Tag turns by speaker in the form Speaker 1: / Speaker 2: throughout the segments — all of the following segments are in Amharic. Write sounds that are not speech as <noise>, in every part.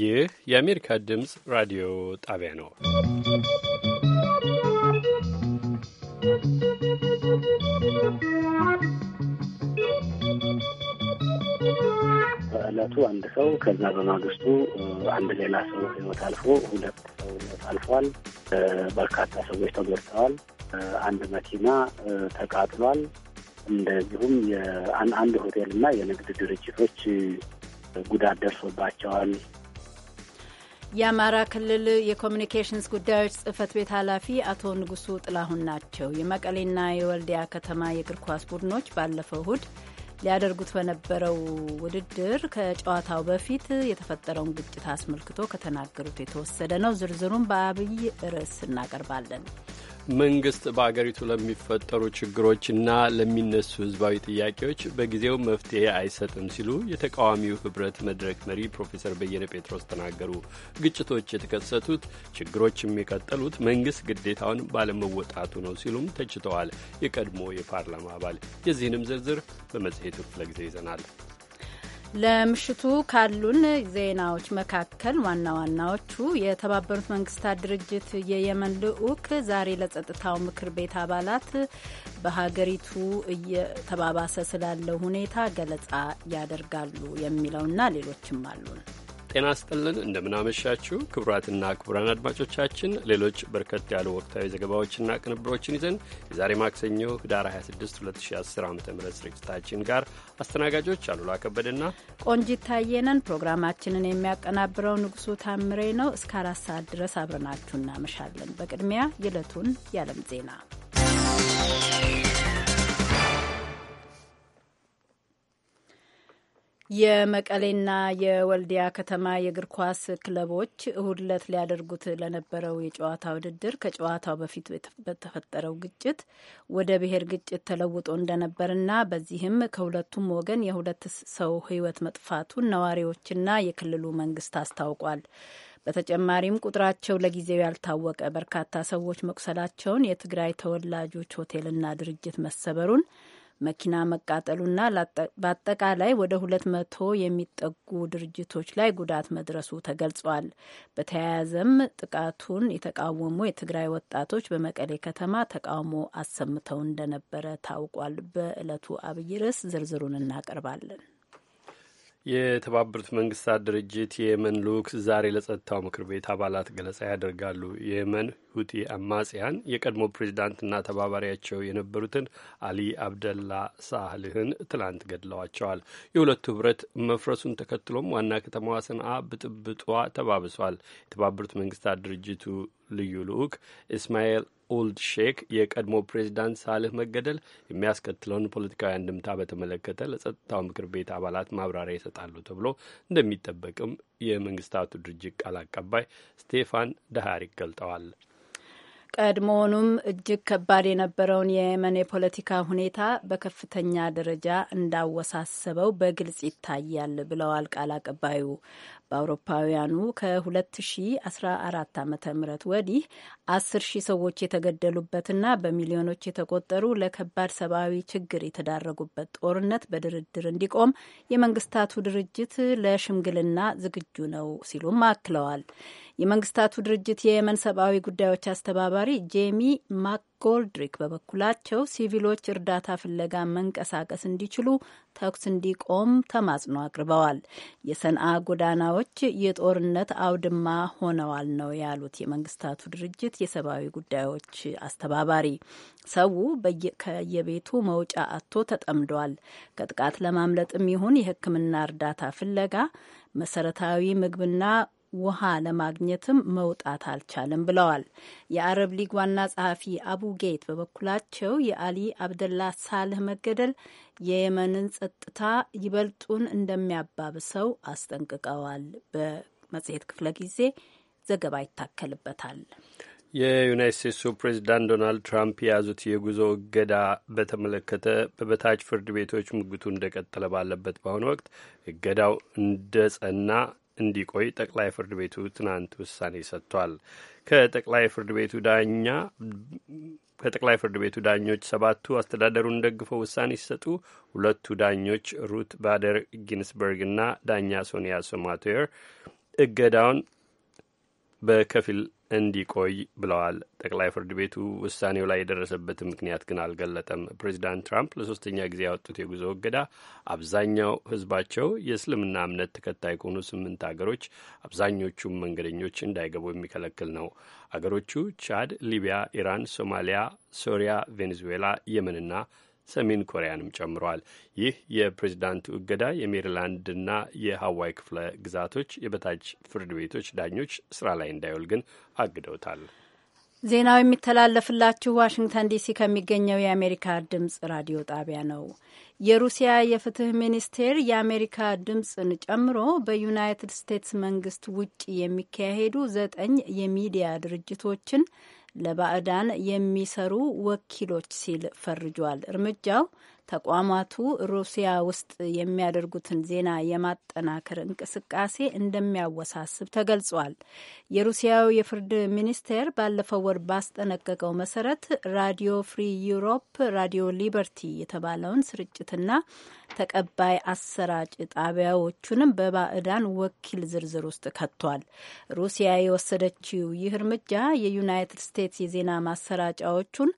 Speaker 1: ይህ የአሜሪካ ድምፅ ራዲዮ ጣቢያ ነው።
Speaker 2: በእለቱ አንድ ሰው ከዛ በማግስቱ አንድ ሌላ ሰው ህይወት አልፎ ሁለት ሰው ህይወት አልፏል። በርካታ ሰዎች ተጎድተዋል። አንድ መኪና ተቃጥሏል። እንደዚሁም አንድ ሆቴልና የንግድ ድርጅቶች ጉዳት ደርሶባቸዋል።
Speaker 3: የአማራ ክልል የኮሚኒኬሽንስ ጉዳዮች ጽህፈት ቤት ኃላፊ አቶ ንጉሱ ጥላሁን ናቸው። የመቀሌና የወልዲያ ከተማ የእግር ኳስ ቡድኖች ባለፈው እሁድ ሊያደርጉት በነበረው ውድድር ከጨዋታው በፊት የተፈጠረውን ግጭት አስመልክቶ ከተናገሩት የተወሰደ ነው። ዝርዝሩን በአብይ ርዕስ እናቀርባለን።
Speaker 1: መንግስት በአገሪቱ ለሚፈጠሩ ችግሮችና ለሚነሱ ህዝባዊ ጥያቄዎች በጊዜው መፍትሄ አይሰጥም ሲሉ የተቃዋሚው ህብረት መድረክ መሪ ፕሮፌሰር በየነ ጴጥሮስ ተናገሩ። ግጭቶች የተከሰቱት ችግሮች የሚቀጠሉት መንግስት ግዴታውን ባለመወጣቱ ነው ሲሉም ተችተዋል። የቀድሞ የፓርላማ አባል የዚህንም ዝርዝር በመጽሔቱ ክፍለ ጊዜ ይዘናል።
Speaker 3: ለምሽቱ ካሉን ዜናዎች መካከል ዋና ዋናዎቹ የተባበሩት መንግስታት ድርጅት የየመን ልዑክ ዛሬ ለጸጥታው ምክር ቤት አባላት በሀገሪቱ እየተባባሰ ስላለው ሁኔታ ገለጻ ያደርጋሉ የሚለውና ሌሎችም አሉን።
Speaker 1: ጤና ስጥልን እንደምናመሻችሁ ክቡራትና ክቡራን አድማጮቻችን ሌሎች በርከት ያሉ ወቅታዊ ዘገባዎችና ቅንብሮችን ይዘን የዛሬ ማክሰኞ ህዳር 26 2010 ዓ ም ስርጭታችን ጋር አስተናጋጆች አሉላ ከበደና
Speaker 3: ቆንጂት ታየነን ፕሮግራማችንን የሚያቀናብረው ንጉሱ ታምሬ ነው። እስከ አራት ሰዓት ድረስ አብረናችሁ እናመሻለን። በቅድሚያ የዕለቱን የዓለም ዜና የመቀሌና የወልዲያ ከተማ የእግር ኳስ ክለቦች እሁድ ዕለት ሊያደርጉት ለነበረው የጨዋታ ውድድር ከጨዋታው በፊት በተፈጠረው ግጭት ወደ ብሔር ግጭት ተለውጦ እንደነበርና በዚህም ከሁለቱም ወገን የሁለት ሰው ሕይወት መጥፋቱን ነዋሪዎችና የክልሉ መንግስት አስታውቋል። በተጨማሪም ቁጥራቸው ለጊዜው ያልታወቀ በርካታ ሰዎች መቁሰላቸውን፣ የትግራይ ተወላጆች ሆቴልና ድርጅት መሰበሩን መኪና መቃጠሉና በአጠቃላይ ወደ ሁለት መቶ የሚጠጉ ድርጅቶች ላይ ጉዳት መድረሱ ተገልጿል። በተያያዘም ጥቃቱን የተቃወሙ የትግራይ ወጣቶች በመቀሌ ከተማ ተቃውሞ አሰምተው እንደነበረ ታውቋል። በዕለቱ አብይ ርዕስ ዝርዝሩን እናቀርባለን።
Speaker 1: የተባበሩት መንግስታት ድርጅት የየመን ልዑክ ዛሬ ለጸጥታው ምክር ቤት አባላት ገለጻ ያደርጋሉ። የየመን ሁቲ አማጽያን የቀድሞ ፕሬዚዳንትና ተባባሪያቸው የነበሩትን አሊ አብደላ ሳህልህን ትላንት ገድለዋቸዋል። የሁለቱ ህብረት መፍረሱን ተከትሎም ዋና ከተማዋ ሰንዓ ብጥብጧ ተባብሷል። የተባበሩት መንግስታት ድርጅቱ ልዩ ልዑክ ኢስማኤል ኦልድ ሼክ የቀድሞ ፕሬዚዳንት ሳልህ መገደል የሚያስከትለውን ፖለቲካዊ አንድምታ በተመለከተ ለጸጥታው ምክር ቤት አባላት ማብራሪያ ይሰጣሉ ተብሎ እንደሚጠበቅም የመንግስታቱ ድርጅት ቃል አቀባይ ስቴፋን ደሃሪክ ገልጠዋል።
Speaker 3: ቀድሞውኑም እጅግ ከባድ የነበረውን የየመን የፖለቲካ ሁኔታ በከፍተኛ ደረጃ እንዳወሳሰበው በግልጽ ይታያል ብለዋል ቃል አቀባዩ። በአውሮፓውያኑ ከ2014 ዓ ም ወዲህ 10 ሺህ ሰዎች የተገደሉበትና በሚሊዮኖች የተቆጠሩ ለከባድ ሰብአዊ ችግር የተዳረጉበት ጦርነት በድርድር እንዲቆም የመንግስታቱ ድርጅት ለሽምግልና ዝግጁ ነው ሲሉም አክለዋል። የመንግስታቱ ድርጅት የየመን ሰብአዊ ጉዳዮች አስተባባሪ ጄሚ ማክ ጎልድሪክ በበኩላቸው ሲቪሎች እርዳታ ፍለጋ መንቀሳቀስ እንዲችሉ ተኩስ እንዲቆም ተማጽኖ አቅርበዋል። የሰንአ ጎዳናዎች የጦርነት አውድማ ሆነዋል ነው ያሉት የመንግስታቱ ድርጅት የሰብአዊ ጉዳዮች አስተባባሪ። ሰው ከየቤቱ መውጫ አጥቶ ተጠምዷል። ከጥቃት ለማምለጥም ይሁን የሕክምና እርዳታ ፍለጋ መሰረታዊ ምግብና ውሃ ለማግኘትም መውጣት አልቻለም ብለዋል። የአረብ ሊግ ዋና ጸሐፊ አቡ ጌት በበኩላቸው የአሊ አብደላ ሳልህ መገደል የየመንን ጸጥታ ይበልጡን እንደሚያባብሰው አስጠንቅቀዋል። በመጽሔት ክፍለ ጊዜ ዘገባ ይታከልበታል።
Speaker 1: የዩናይት ስቴትሱ ፕሬዚዳንት ዶናልድ ትራምፕ የያዙት የጉዞ እገዳ በተመለከተ በበታች ፍርድ ቤቶች ምግቱ እንደቀጠለ ባለበት በአሁኑ ወቅት እገዳው እንደ ጸና እንዲቆይ ጠቅላይ ፍርድ ቤቱ ትናንት ውሳኔ ሰጥቷል። ከጠቅላይ ፍርድ ቤቱ ዳኛ ከጠቅላይ ፍርድ ቤቱ ዳኞች ሰባቱ አስተዳደሩን ደግፈው ውሳኔ ሲሰጡ ሁለቱ ዳኞች ሩት ባደር ጊንስበርግ እና ዳኛ ሶኒያ ሶማቴር እገዳውን በከፊል እንዲቆይ ብለዋል። ጠቅላይ ፍርድ ቤቱ ውሳኔው ላይ የደረሰበትን ምክንያት ግን አልገለጠም። ፕሬዚዳንት ትራምፕ ለሶስተኛ ጊዜ ያወጡት የጉዞ እገዳ አብዛኛው ሕዝባቸው የእስልምና እምነት ተከታይ ከሆኑ ስምንት አገሮች አብዛኞቹም መንገደኞች እንዳይገቡ የሚከለክል ነው። አገሮቹ ቻድ፣ ሊቢያ፣ ኢራን፣ ሶማሊያ፣ ሶሪያ፣ ቬኔዙዌላ፣ የመንና ሰሜን ኮሪያንም ጨምረዋል። ይህ የፕሬዚዳንቱ እገዳ የሜሪላንድና የሀዋይ ክፍለ ግዛቶች የበታች ፍርድ ቤቶች ዳኞች ስራ ላይ እንዳይውል ግን አግደውታል።
Speaker 3: ዜናው የሚተላለፍላችሁ ዋሽንግተን ዲሲ ከሚገኘው የአሜሪካ ድምጽ ራዲዮ ጣቢያ ነው። የሩሲያ የፍትህ ሚኒስቴር የአሜሪካ ድምፅን ጨምሮ በዩናይትድ ስቴትስ መንግስት ውጭ የሚካሄዱ ዘጠኝ የሚዲያ ድርጅቶችን ለባዕዳን የሚሰሩ ወኪሎች ሲል ፈርጇል። እርምጃው ተቋማቱ ሩሲያ ውስጥ የሚያደርጉትን ዜና የማጠናከር እንቅስቃሴ እንደሚያወሳስብ ተገልጿል። የሩሲያው የፍርድ ሚኒስቴር ባለፈው ወር ባስጠነቀቀው መሰረት ራዲዮ ፍሪ ዩሮፕ፣ ራዲዮ ሊበርቲ የተባለውን ስርጭትና ተቀባይ አሰራጭ ጣቢያዎቹንም በባዕዳን ወኪል ዝርዝር ውስጥ ከቷል። ሩሲያ የወሰደችው ይህ እርምጃ የዩናይትድ ስቴትስ የዜና ማሰራጫዎቹን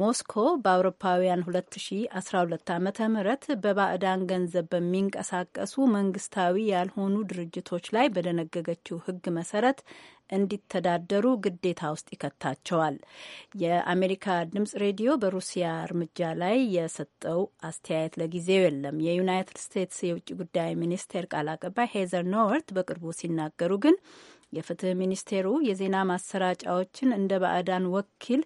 Speaker 3: ሞስኮ በአውሮፓውያን 2012 ዓ ም በባዕዳን ገንዘብ በሚንቀሳቀሱ መንግስታዊ ያልሆኑ ድርጅቶች ላይ በደነገገችው ሕግ መሰረት እንዲተዳደሩ ግዴታ ውስጥ ይከታቸዋል። የአሜሪካ ድምጽ ሬዲዮ በሩሲያ እርምጃ ላይ የሰጠው አስተያየት ለጊዜው የለም። የዩናይትድ ስቴትስ የውጭ ጉዳይ ሚኒስቴር ቃል አቀባይ ሄዘር ኖወርት በቅርቡ ሲናገሩ ግን የፍትህ ሚኒስቴሩ የዜና ማሰራጫዎችን እንደ ባዕዳን ወኪል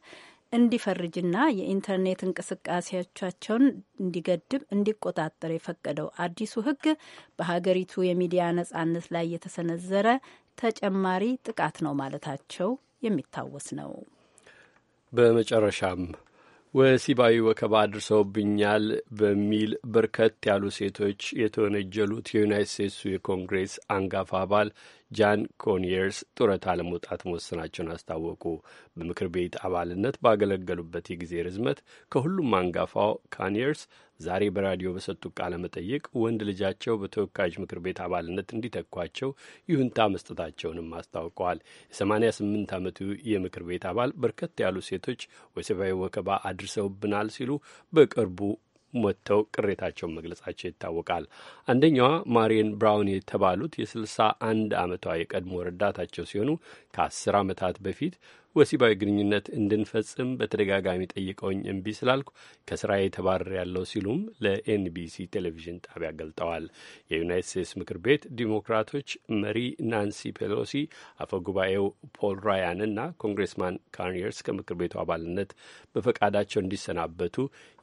Speaker 3: እንዲፈርጅና የኢንተርኔት እንቅስቃሴዎቻቸውን እንዲገድብ እንዲቆጣጠር የፈቀደው አዲሱ ሕግ በሀገሪቱ የሚዲያ ነጻነት ላይ የተሰነዘረ ተጨማሪ ጥቃት ነው ማለታቸው የሚታወስ ነው።
Speaker 1: በመጨረሻም ወሲባዊ ወከባ አድርሰውብኛል በሚል በርከት ያሉ ሴቶች የተወነጀሉት የዩናይት ስቴትሱ የኮንግሬስ አንጋፋ አባል ጃን ኮኒየርስ ጡረታ ለመውጣት መወሰናቸውን አስታወቁ። በምክር ቤት አባልነት ባገለገሉበት የጊዜ ርዝመት ከሁሉም አንጋፋው ካኒየርስ ዛሬ በራዲዮ በሰጡት ቃለ መጠይቅ ወንድ ልጃቸው በተወካዮች ምክር ቤት አባልነት እንዲተኳቸው ይሁንታ መስጠታቸውንም አስታውቀዋል። የ88 ዓመቱ የምክር ቤት አባል በርከት ያሉ ሴቶች ወሲባዊ ወከባ አድርሰውብናል ሲሉ በቅርቡ ወጥተው ቅሬታቸውን መግለጻቸው ይታወቃል። አንደኛዋ ማሪን ብራውን የተባሉት የስልሳ አንድ ዓመቷ የቀድሞ ረዳታቸው ሲሆኑ ከአስር ዓመታት በፊት ወሲባዊ ግንኙነት እንድንፈጽም በተደጋጋሚ ጠይቀውኝ እምቢ ስላልኩ ከስራ የተባረር ያለው ሲሉም ለኤንቢሲ ቴሌቪዥን ጣቢያ ገልጠዋል። የዩናይት ስቴትስ ምክር ቤት ዲሞክራቶች መሪ ናንሲ ፔሎሲ አፈ ጉባኤው ፖል ራያን እና ኮንግሬስማን ካርኒየርስ ከምክር ቤቱ አባልነት በፈቃዳቸው እንዲሰናበቱ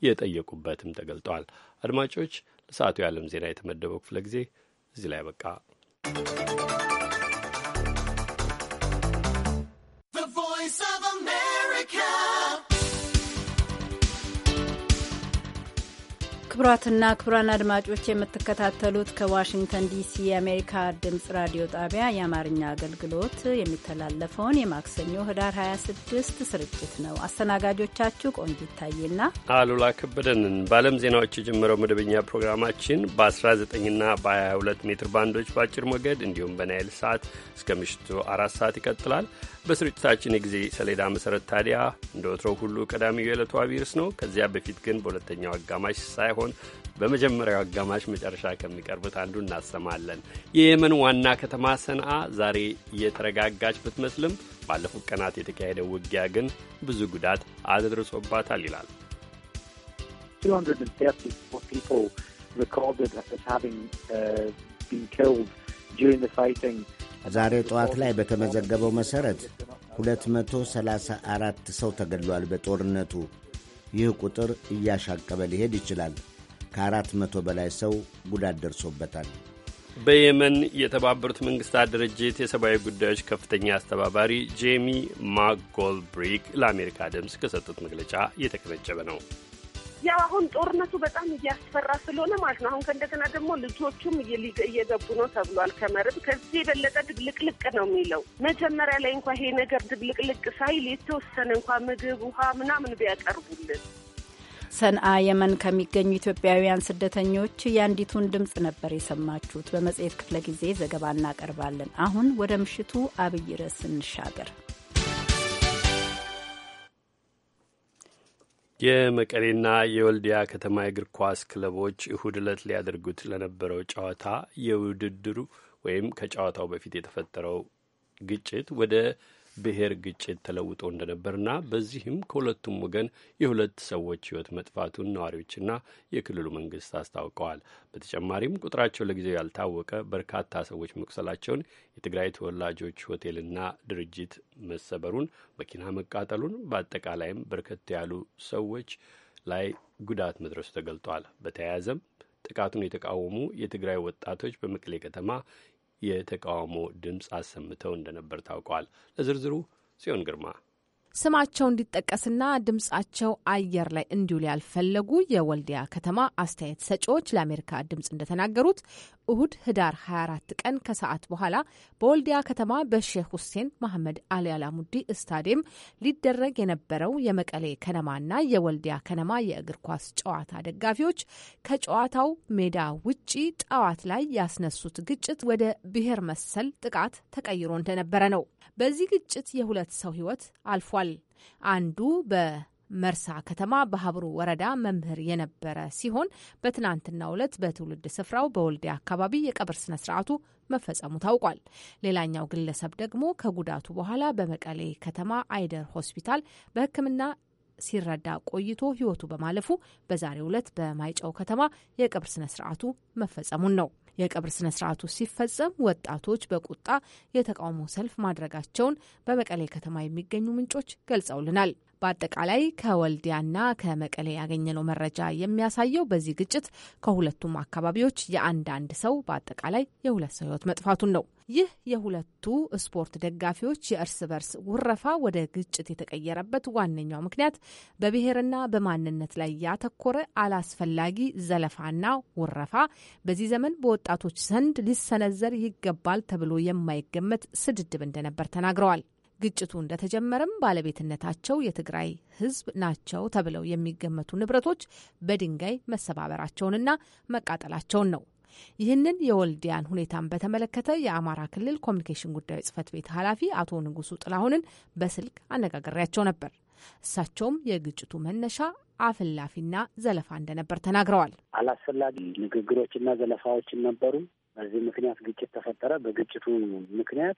Speaker 1: የጠየቁበትም ተገልጠዋል። አድማጮች፣ ለሰዓቱ የዓለም ዜና የተመደበው ክፍለ ጊዜ እዚህ ላይ በቃ።
Speaker 3: ክቡራትና ክቡራን አድማጮች የምትከታተሉት ከዋሽንግተን ዲሲ የአሜሪካ ድምፅ ራዲዮ ጣቢያ የአማርኛ አገልግሎት የሚተላለፈውን የማክሰኞ ህዳር 26 ስርጭት ነው። አስተናጋጆቻችሁ ቆንጅ ይታይና
Speaker 1: አሉላ ከበደንን በዓለም ዜናዎች የጀመረው መደበኛ ፕሮግራማችን በ19ና በ22 ሜትር ባንዶች በአጭር ሞገድ እንዲሁም በናይል ሰዓት እስከ ምሽቱ አራት ሰዓት ይቀጥላል። በስርጭታችን የጊዜ ሰሌዳ መሰረት ታዲያ እንደ ወትሮው ሁሉ ቀዳሚው የዕለቱ አቢርስ ነው። ከዚያ በፊት ግን በሁለተኛው አጋማሽ ሳይሆን ሲሆን በመጀመሪያው አጋማሽ መጨረሻ ከሚቀርቡት አንዱ እናሰማለን። የየመን ዋና ከተማ ሰንአ ዛሬ እየተረጋጋች ብትመስልም ባለፉት ቀናት የተካሄደ ውጊያ ግን ብዙ ጉዳት አድርሶባታል ይላል።
Speaker 4: ዛሬ ጠዋት ላይ በተመዘገበው መሠረት 234 ሰው ተገድሏል በጦርነቱ። ይህ ቁጥር እያሻቀበ ሊሄድ ይችላል። ከአራት መቶ በላይ ሰው ጉዳት ደርሶበታል።
Speaker 1: በየመን የተባበሩት መንግስታት ድርጅት የሰብአዊ ጉዳዮች ከፍተኛ አስተባባሪ ጄሚ ማጎልብሪክ ለአሜሪካ ድምፅ ከሰጡት መግለጫ እየተቀነጨበ ነው።
Speaker 5: ያው አሁን ጦርነቱ በጣም እያስፈራ ስለሆነ ማለት ነው። አሁን ከእንደገና ደግሞ ልጆቹም እየገቡ ነው ተብሏል። ከመርብ ከዚህ የበለጠ ድብልቅልቅ ነው የሚለው መጀመሪያ ላይ እንኳ ይሄ ነገር ድብልቅልቅ ሳይል የተወሰነ እንኳ ምግብ፣ ውሃ ምናምን ቢያቀርቡልን
Speaker 3: ሰንአ የመን ከሚገኙ ኢትዮጵያውያን ስደተኞች የአንዲቱን ድምፅ ነበር የሰማችሁት። በመጽሔት ክፍለ ጊዜ ዘገባ እናቀርባለን። አሁን ወደ ምሽቱ አብይ ርዕስ እንሻገር።
Speaker 1: የመቀሌና የወልዲያ ከተማ የእግር ኳስ ክለቦች እሁድ ዕለት ሊያደርጉት ለነበረው ጨዋታ የውድድሩ ወይም ከጨዋታው በፊት የተፈጠረው ግጭት ወደ ብሔር ግጭት ተለውጦ እንደነበርና በዚህም ከሁለቱም ወገን የሁለት ሰዎች ህይወት መጥፋቱን ነዋሪዎችና የክልሉ መንግስት አስታውቀዋል። በተጨማሪም ቁጥራቸው ለጊዜው ያልታወቀ በርካታ ሰዎች መቁሰላቸውን፣ የትግራይ ተወላጆች ሆቴልና ድርጅት መሰበሩን፣ መኪና መቃጠሉን፣ በአጠቃላይም በርከት ያሉ ሰዎች ላይ ጉዳት መድረሱ ተገልጧል። በተያያዘም ጥቃቱን የተቃወሙ የትግራይ ወጣቶች በመቀሌ ከተማ የተቃውሞ ድምፅ አሰምተው እንደነበር ታውቋል። ለዝርዝሩ ጽዮን ግርማ
Speaker 6: ስማቸው እንዲጠቀስና ድምጻቸው አየር ላይ እንዲውል ያልፈለጉ የወልዲያ ከተማ አስተያየት ሰጪዎች ለአሜሪካ ድምፅ እንደተናገሩት እሁድ ህዳር 24 ቀን ከሰዓት በኋላ በወልዲያ ከተማ በሼህ ሁሴን መሐመድ አሊ አላሙዲ ስታዲየም ሊደረግ የነበረው የመቀሌ ከነማና የወልዲያ ከነማ የእግር ኳስ ጨዋታ ደጋፊዎች ከጨዋታው ሜዳ ውጪ ጠዋት ላይ ያስነሱት ግጭት ወደ ብሔር መሰል ጥቃት ተቀይሮ እንደነበረ ነው። በዚህ ግጭት የሁለት ሰው ህይወት አልፏል። አንዱ በ መርሳ ከተማ በሀብሩ ወረዳ መምህር የነበረ ሲሆን በትናንትናው ዕለት በትውልድ ስፍራው በወልዲያ አካባቢ የቀብር ስነ ስርዓቱ መፈጸሙ ታውቋል። ሌላኛው ግለሰብ ደግሞ ከጉዳቱ በኋላ በመቀሌ ከተማ አይደር ሆስፒታል በሕክምና ሲረዳ ቆይቶ ህይወቱ በማለፉ በዛሬው ዕለት በማይጨው ከተማ የቀብር ስነ ስርዓቱ መፈጸሙን ነው። የቀብር ስነ ስርዓቱ ሲፈጸም ወጣቶች በቁጣ የተቃውሞ ሰልፍ ማድረጋቸውን በመቀሌ ከተማ የሚገኙ ምንጮች ገልጸውልናል። በአጠቃላይ ከወልዲያና ከመቀሌ ያገኘነው መረጃ የሚያሳየው በዚህ ግጭት ከሁለቱም አካባቢዎች የአንዳንድ ሰው በአጠቃላይ የሁለት ሰው ህይወት መጥፋቱን ነው። ይህ የሁለቱ ስፖርት ደጋፊዎች የእርስ በርስ ውረፋ ወደ ግጭት የተቀየረበት ዋነኛው ምክንያት በብሔርና በማንነት ላይ ያተኮረ አላስፈላጊ ዘለፋና ውረፋ በዚህ ዘመን በወጣቶች ዘንድ ሊሰነዘር ይገባል ተብሎ የማይገመት ስድድብ እንደነበር ተናግረዋል። ግጭቱ እንደተጀመረም ባለቤትነታቸው የትግራይ ሕዝብ ናቸው ተብለው የሚገመቱ ንብረቶች በድንጋይ መሰባበራቸውንና መቃጠላቸውን ነው። ይህንን የወልዲያን ሁኔታን በተመለከተ የአማራ ክልል ኮሚኒኬሽን ጉዳዮች ጽህፈት ቤት ኃላፊ አቶ ንጉሱ ጥላሁንን በስልክ አነጋግሬያቸው ነበር። እሳቸውም የግጭቱ መነሻ አፍላፊና ዘለፋ እንደነበር ተናግረዋል።
Speaker 2: አላስፈላጊ ንግግሮችና ዘለፋዎችን ነበሩ። በዚህ ምክንያት ግጭት ተፈጠረ። በግጭቱ ምክንያት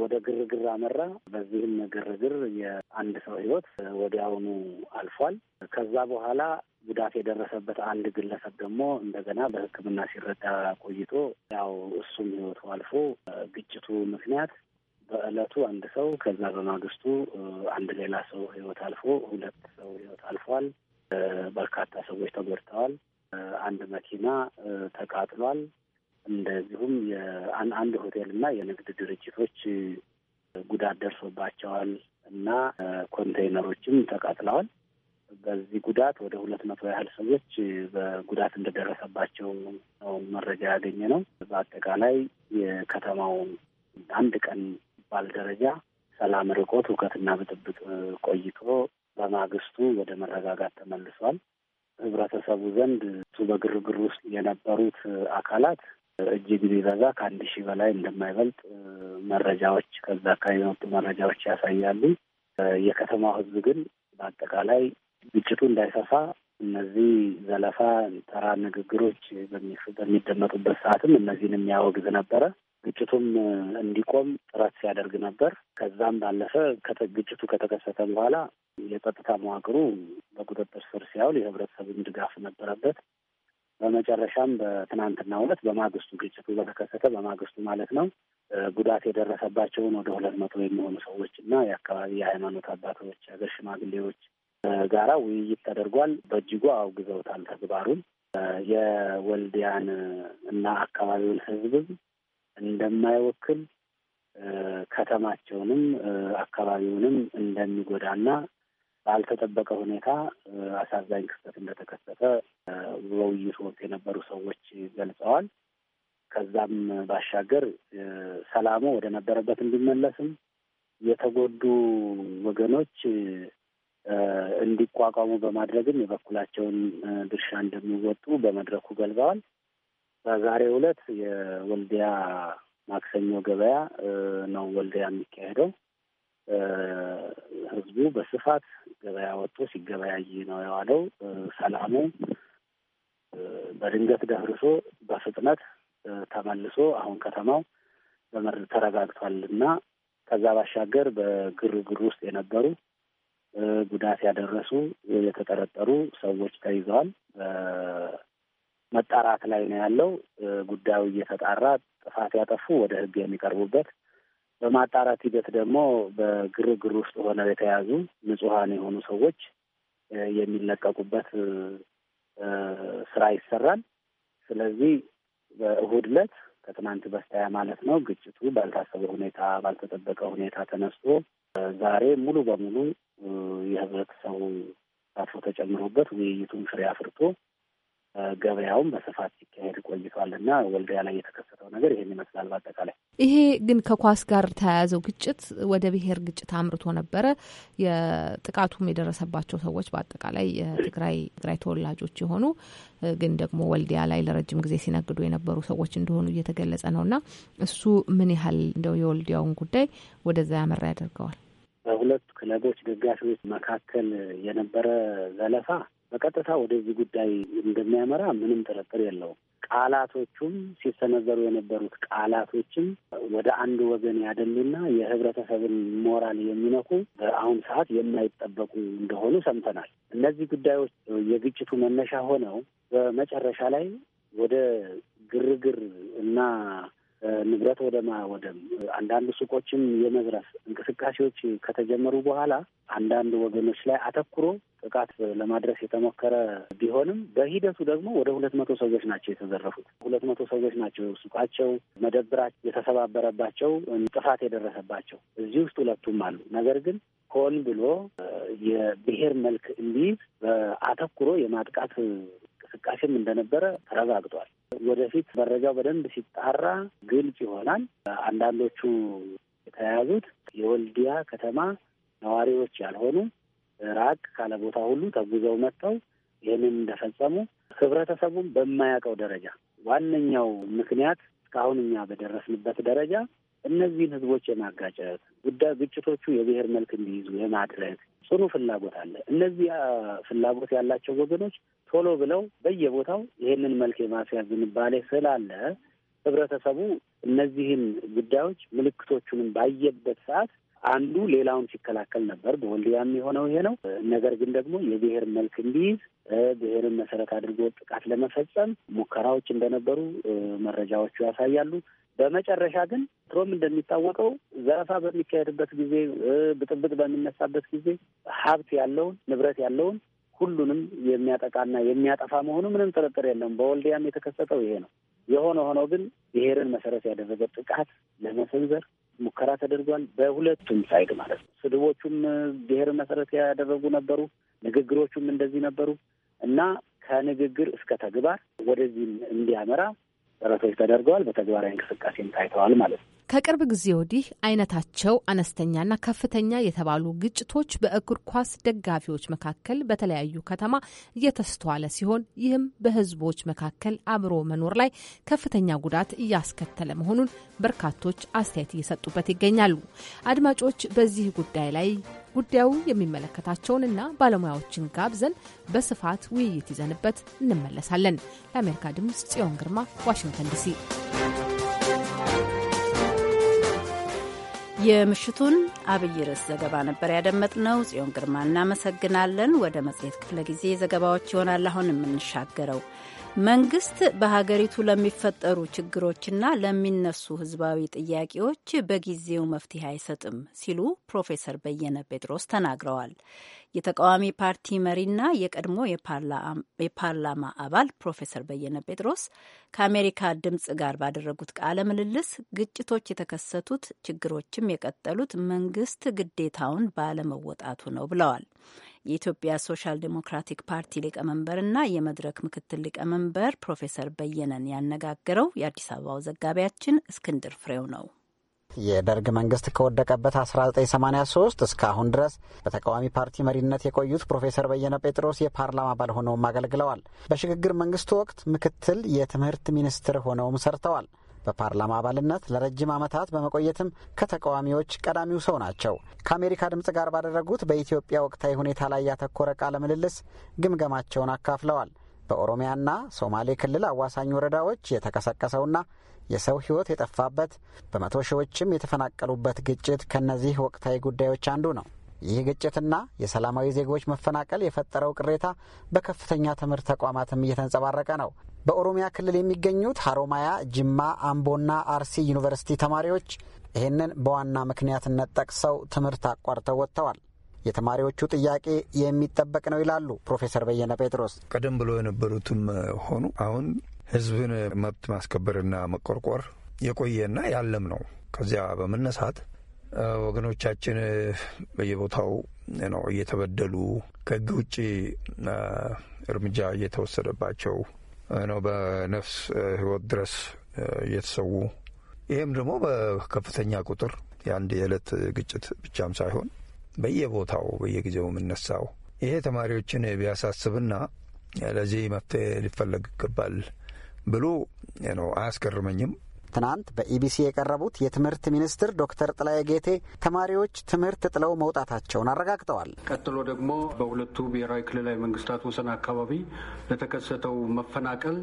Speaker 2: ወደ ግርግር አመራ። በዚህም ግርግር የአንድ ሰው ህይወት ወዲያውኑ አልፏል። ከዛ በኋላ ጉዳት የደረሰበት አንድ ግለሰብ ደግሞ እንደገና በሕክምና ሲረዳ ቆይቶ ያው እሱም ህይወቱ አልፎ ግጭቱ ምክንያት በእለቱ አንድ ሰው ከዛ በማግስቱ አንድ ሌላ ሰው ህይወት አልፎ ሁለት ሰው ህይወት አልፏል። በርካታ ሰዎች ተጎድተዋል። አንድ መኪና ተቃጥሏል። እንደዚሁም የአንድ ሆቴል እና የንግድ ድርጅቶች ጉዳት ደርሶባቸዋል እና ኮንቴይነሮችም ተቃጥለዋል። በዚህ ጉዳት ወደ ሁለት መቶ ያህል ሰዎች በጉዳት እንደደረሰባቸው ነው መረጃ ያገኘ ነው። በአጠቃላይ የከተማው አንድ ቀን ባል ደረጃ ሰላም ርቆት እውቀትና ብጥብጥ ቆይቶ በማግስቱ ወደ መረጋጋት ተመልሷል። ህብረተሰቡ ዘንድ እሱ በግርግር ውስጥ የነበሩት አካላት እጅግ ቢበዛ ከአንድ ሺህ በላይ እንደማይበልጥ መረጃዎች ከዛ አካባቢ የመጡ መረጃዎች ያሳያሉ። የከተማው ህዝብ ግን በአጠቃላይ ግጭቱ እንዳይሰፋ እነዚህ ዘለፋ፣ ተራ ንግግሮች በሚደመጡበት ሰዓትም እነዚህን የሚያወግዝ ነበረ። ግጭቱም እንዲቆም ጥረት ሲያደርግ ነበር። ከዛም ባለፈ ግጭቱ ከተከሰተ በኋላ የጸጥታ መዋቅሩ በቁጥጥር ስር ሲያውል የህብረተሰቡን ድጋፍ ነበረበት። በመጨረሻም በትናንትናው ዕለት በማግስቱ ግጭቱ በተከሰተ በማግስቱ ማለት ነው ጉዳት የደረሰባቸውን ወደ ሁለት መቶ የሚሆኑ ሰዎች እና የአካባቢ የሃይማኖት አባቶች፣ ሀገር ሽማግሌዎች ጋራ ውይይት ተደርጓል። በእጅጉ አውግዘውታል ተግባሩን። የወልዲያን እና አካባቢውን ህዝብም እንደማይወክል ከተማቸውንም አካባቢውንም እንደሚጎዳና ባልተጠበቀ ሁኔታ አሳዛኝ ክስተት እንደተከሰተ በውይይቱ ወቅት የነበሩ ሰዎች ገልጸዋል። ከዛም ባሻገር ሰላሙ ወደ ነበረበት እንዲመለስም የተጎዱ ወገኖች እንዲቋቋሙ በማድረግም የበኩላቸውን ድርሻ እንደሚወጡ በመድረኩ ገልጸዋል። በዛሬ ዕለት የወልዲያ ማክሰኞ ገበያ ነው ወልዲያ የሚካሄደው። ህዝቡ በስፋት ገበያ ወጥቶ ሲገበያይ ነው የዋለው። ሰላሙ በድንገት ደፍርሶ በፍጥነት ተመልሶ አሁን ከተማው በመር ተረጋግቷል እና ከዛ ባሻገር በግርግር ውስጥ የነበሩ ጉዳት ያደረሱ የተጠረጠሩ ሰዎች ተይዘዋል። መጣራት ላይ ነው ያለው ጉዳዩ እየተጣራ ጥፋት ያጠፉ ወደ ህግ የሚቀርቡበት በማጣራት ሂደት ደግሞ በግርግር ውስጥ ሆነው የተያዙ ንጹሀን የሆኑ ሰዎች የሚለቀቁበት ስራ ይሰራል። ስለዚህ በእሁድ ዕለት ከትናንት በስቲያ ማለት ነው ግጭቱ ባልታሰበ ሁኔታ ባልተጠበቀ ሁኔታ ተነስቶ ዛሬ ሙሉ በሙሉ የህብረተሰቡ ተሳትፎ ተጨምሮበት ውይይቱን ፍሬ አፍርቶ ገበያውም በስፋት ሲካሄድ ቆይቷል እና ወልዲያ ላይ የተከሰተው ነገር ይሄን ይመስላል። በአጠቃላይ
Speaker 6: ይሄ ግን ከኳስ ጋር ተያያዘው ግጭት ወደ ብሔር ግጭት አምርቶ ነበረ። የጥቃቱም የደረሰባቸው ሰዎች በአጠቃላይ የትግራይ ትግራይ ተወላጆች የሆኑ ግን ደግሞ ወልዲያ ላይ ለረጅም ጊዜ ሲነግዱ የነበሩ ሰዎች እንደሆኑ እየተገለጸ ነው እና እሱ ምን ያህል እንደው የወልዲያውን ጉዳይ ወደዛ ያመራ ያደርገዋል።
Speaker 2: በሁለቱ ክለቦች ደጋፊዎች መካከል የነበረ ዘለፋ በቀጥታ ወደዚህ ጉዳይ እንደሚያመራ ምንም ጥርጥር የለውም። ቃላቶቹም ሲሰነዘሩ የነበሩት ቃላቶችም ወደ አንድ ወገን ያደሉና የህብረተሰብን ሞራል የሚነኩ በአሁን ሰዓት የማይጠበቁ እንደሆኑ ሰምተናል። እነዚህ ጉዳዮች የግጭቱ መነሻ ሆነው በመጨረሻ ላይ ወደ ግርግር እና ንብረት ወደ ማወደም አንዳንድ ሱቆችም የመዝረፍ እንቅስቃሴዎች ከተጀመሩ በኋላ አንዳንድ ወገኖች ላይ አተኩሮ ጥቃት ለማድረስ የተሞከረ ቢሆንም በሂደቱ ደግሞ ወደ ሁለት መቶ ሰዎች ናቸው የተዘረፉት። ሁለት መቶ ሰዎች ናቸው ሱቃቸው፣ መደብራቸው የተሰባበረባቸው ጥፋት የደረሰባቸው። እዚህ ውስጥ ሁለቱም አሉ። ነገር ግን ሆን ብሎ የብሔር መልክ እንዲይዝ አተኩሮ የማጥቃት እንቅስቃሴም እንደነበረ ተረጋግጧል። ወደፊት መረጃው በደንብ ሲጣራ ግልጽ ይሆናል። አንዳንዶቹ የተያያዙት የወልዲያ ከተማ ነዋሪዎች ያልሆኑ ራቅ ካለ ቦታ ሁሉ ተጉዘው መጥተው ይህንን እንደፈጸሙ ህብረተሰቡም በማያውቀው ደረጃ ዋነኛው ምክንያት እስካሁን እኛ በደረስንበት ደረጃ እነዚህን ህዝቦች የማጋጨት ጉዳይ ግጭቶቹ የብሔር መልክ እንዲይዙ የማድረግ ጽኑ ፍላጎት አለ። እነዚህ ፍላጎት ያላቸው ወገኖች ቶሎ ብለው በየቦታው ይህንን መልክ የማስያዝ ዝንባሌ ስላለ ህብረተሰቡ እነዚህን ጉዳዮች ምልክቶቹንም ባየበት ሰዓት አንዱ ሌላውን ሲከላከል ነበር። በወልዲያም የሆነው ይሄ ነው። ነገር ግን ደግሞ የብሔር መልክ እንዲይዝ ብሔርን መሰረት አድርጎ ጥቃት ለመፈጸም ሙከራዎች እንደነበሩ መረጃዎቹ ያሳያሉ። በመጨረሻ ግን ትሮም እንደሚታወቀው ዘረፋ በሚካሄድበት ጊዜ፣ ብጥብጥ በሚነሳበት ጊዜ ሀብት ያለውን ንብረት ያለውን ሁሉንም የሚያጠቃና የሚያጠፋ መሆኑ ምንም ጥርጥር የለም በወልዲያም የተከሰተው ይሄ ነው። የሆነ ሆኖ ግን ብሔርን መሰረት ያደረገ ጥቃት ለመሰንዘር ሙከራ ተደርጓል፣ በሁለቱም ሳይድ ማለት ነው። ስድቦቹም ብሔርን መሰረት ያደረጉ ነበሩ፣ ንግግሮቹም እንደዚህ ነበሩ እና ከንግግር እስከ ተግባር ወደዚህም እንዲያመራ ጥረቶች ተደርገዋል። በተግባራዊ እንቅስቃሴም ታይተዋል ማለት ነው።
Speaker 6: ከቅርብ ጊዜ ወዲህ አይነታቸው አነስተኛና ከፍተኛ የተባሉ ግጭቶች በእግር ኳስ ደጋፊዎች መካከል በተለያዩ ከተማ እየተስተዋለ ሲሆን ይህም በሕዝቦች መካከል አብሮ መኖር ላይ ከፍተኛ ጉዳት እያስከተለ መሆኑን በርካቶች አስተያየት እየሰጡበት ይገኛሉ። አድማጮች በዚህ ጉዳይ ላይ ጉዳዩ የሚመለከታቸውንና ባለሙያዎችን ጋብዘን በስፋት ውይይት ይዘንበት እንመለሳለን። ለአሜሪካ ድምፅ ጽዮን ግርማ ዋሽንግተን ዲሲ
Speaker 3: የምሽቱን አብይ ርዕስ ዘገባ ነበር ያደመጥነው። ጽዮን ግርማ እናመሰግናለን። ወደ መጽሔት ክፍለ ጊዜ ዘገባዎች ይሆናል አሁን የምንሻገረው። መንግስት በሀገሪቱ ለሚፈጠሩ ችግሮችና ለሚነሱ ህዝባዊ ጥያቄዎች በጊዜው መፍትሄ አይሰጥም ሲሉ ፕሮፌሰር በየነ ጴጥሮስ ተናግረዋል። የተቃዋሚ ፓርቲ መሪና የቀድሞ የፓርላማ አባል ፕሮፌሰር በየነ ጴጥሮስ ከአሜሪካ ድምፅ ጋር ባደረጉት ቃለ ምልልስ ግጭቶች የተከሰቱት ችግሮችም የቀጠሉት መንግስት ግዴታውን ባለመወጣቱ ነው ብለዋል። የኢትዮጵያ ሶሻል ዴሞክራቲክ ፓርቲ ሊቀመንበርና የመድረክ ምክትል ሊቀመንበር ፕሮፌሰር በየነን ያነጋገረው የአዲስ አበባው ዘጋቢያችን እስክንድር ፍሬው ነው።
Speaker 7: የደርግ መንግስት ከወደቀበት 1983 እስካሁን ድረስ በተቃዋሚ ፓርቲ መሪነት የቆዩት ፕሮፌሰር በየነ ጴጥሮስ የፓርላማ አባል ሆነውም አገልግለዋል። በሽግግር መንግስቱ ወቅት ምክትል የትምህርት ሚኒስትር ሆነውም ሰርተዋል። በፓርላማ አባልነት ለረጅም ዓመታት በመቆየትም ከተቃዋሚዎች ቀዳሚው ሰው ናቸው። ከአሜሪካ ድምፅ ጋር ባደረጉት በኢትዮጵያ ወቅታዊ ሁኔታ ላይ ያተኮረ ቃለ ምልልስ ግምገማቸውን አካፍለዋል። በኦሮሚያና ሶማሌ ክልል አዋሳኝ ወረዳዎች የተቀሰቀሰውና የሰው ሕይወት የጠፋበት በመቶ ሺዎችም የተፈናቀሉበት ግጭት ከእነዚህ ወቅታዊ ጉዳዮች አንዱ ነው። ይህ ግጭትና የሰላማዊ ዜጎች መፈናቀል የፈጠረው ቅሬታ በከፍተኛ ትምህርት ተቋማትም እየተንጸባረቀ ነው። በኦሮሚያ ክልል የሚገኙት ሀሮማያ፣ ጅማ፣ አምቦና አርሲ ዩኒቨርሲቲ ተማሪዎች ይህንን በዋና ምክንያትነት ጠቅሰው ትምህርት አቋርተው ወጥተዋል። የተማሪዎቹ ጥያቄ የሚጠበቅ
Speaker 8: ነው ይላሉ ፕሮፌሰር በየነ ጴጥሮስ። ቀደም ብሎ የነበሩትም ሆኑ አሁን ህዝብን መብት ማስከበርና መቆርቆር የቆየና ያለም ነው። ከዚያ በመነሳት ወገኖቻችን በየቦታው ነው እየተበደሉ ከህግ ውጭ እርምጃ እየተወሰደባቸው ነው በነፍስ ህይወት ድረስ እየተሰዉ ይህም ደግሞ በከፍተኛ ቁጥር የአንድ የዕለት ግጭት ብቻም ሳይሆን በየቦታው በየጊዜው የምነሳው ይሄ ተማሪዎችን ቢያሳስብና ለዚህ መፍትሄ ሊፈለግ ይገባል ብሎ ነው አያስገርመኝም። ትናንት በኢቢሲ የቀረቡት የትምህርት ሚኒስትር ዶክተር
Speaker 7: ጥላዬ ጌቴ ተማሪዎች ትምህርት ጥለው መውጣታቸውን አረጋግጠዋል።
Speaker 9: ቀጥሎ ደግሞ በሁለቱ
Speaker 10: ብሔራዊ ክልላዊ መንግስታት ወሰን አካባቢ ለተከሰተው መፈናቀል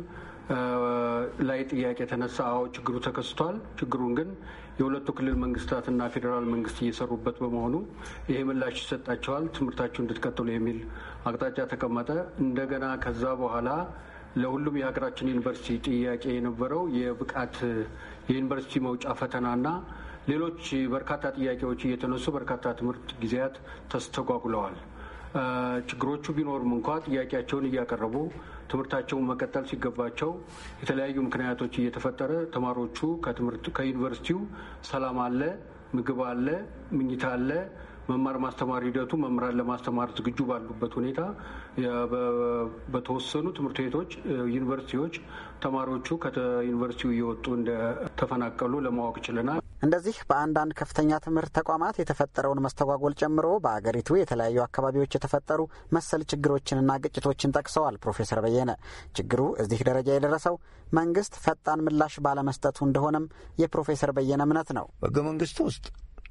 Speaker 10: ላይ ጥያቄ የተነሳ አዎ ችግሩ ተከስቷል። ችግሩን ግን የሁለቱ ክልል መንግስታትና ፌዴራል መንግስት እየሰሩበት በመሆኑ ይሄ ምላሽ ይሰጣቸዋል፣ ትምህርታችሁ እንድትቀጥሉ የሚል አቅጣጫ ተቀመጠ። እንደገና ከዛ በኋላ ለሁሉም የሀገራችን ዩኒቨርሲቲ ጥያቄ የነበረው የብቃት የዩኒቨርሲቲ መውጫ ፈተናና ሌሎች በርካታ ጥያቄዎች እየተነሱ በርካታ ትምህርት ጊዜያት ተስተጓጉለዋል። ችግሮቹ ቢኖሩም እንኳ ጥያቄያቸውን እያቀረቡ ትምህርታቸውን መቀጠል ሲገባቸው የተለያዩ ምክንያቶች እየተፈጠረ ተማሪዎቹ ከዩኒቨርሲቲው ሰላም አለ፣ ምግብ አለ፣ ምኝታ አለ መማር ማስተማር ሂደቱ መምህራን ለማስተማር ዝግጁ ባሉበት
Speaker 7: ሁኔታ በተወሰኑ ትምህርት ቤቶች፣ ዩኒቨርሲቲዎች ተማሪዎቹ ከዩኒቨርሲቲው እየወጡ እንደተፈናቀሉ ለማወቅ ችለናል። እንደዚህ በአንዳንድ ከፍተኛ ትምህርት ተቋማት የተፈጠረውን መስተጓጎል ጨምሮ በአገሪቱ የተለያዩ አካባቢዎች የተፈጠሩ መሰል ችግሮችንና ግጭቶችን ጠቅሰዋል ፕሮፌሰር በየነ። ችግሩ እዚህ ደረጃ የደረሰው መንግስት ፈጣን ምላሽ ባለመስጠቱ እንደሆነም የፕሮፌሰር በየነ እምነት ነው። ህገ መንግስቱ ውስጥ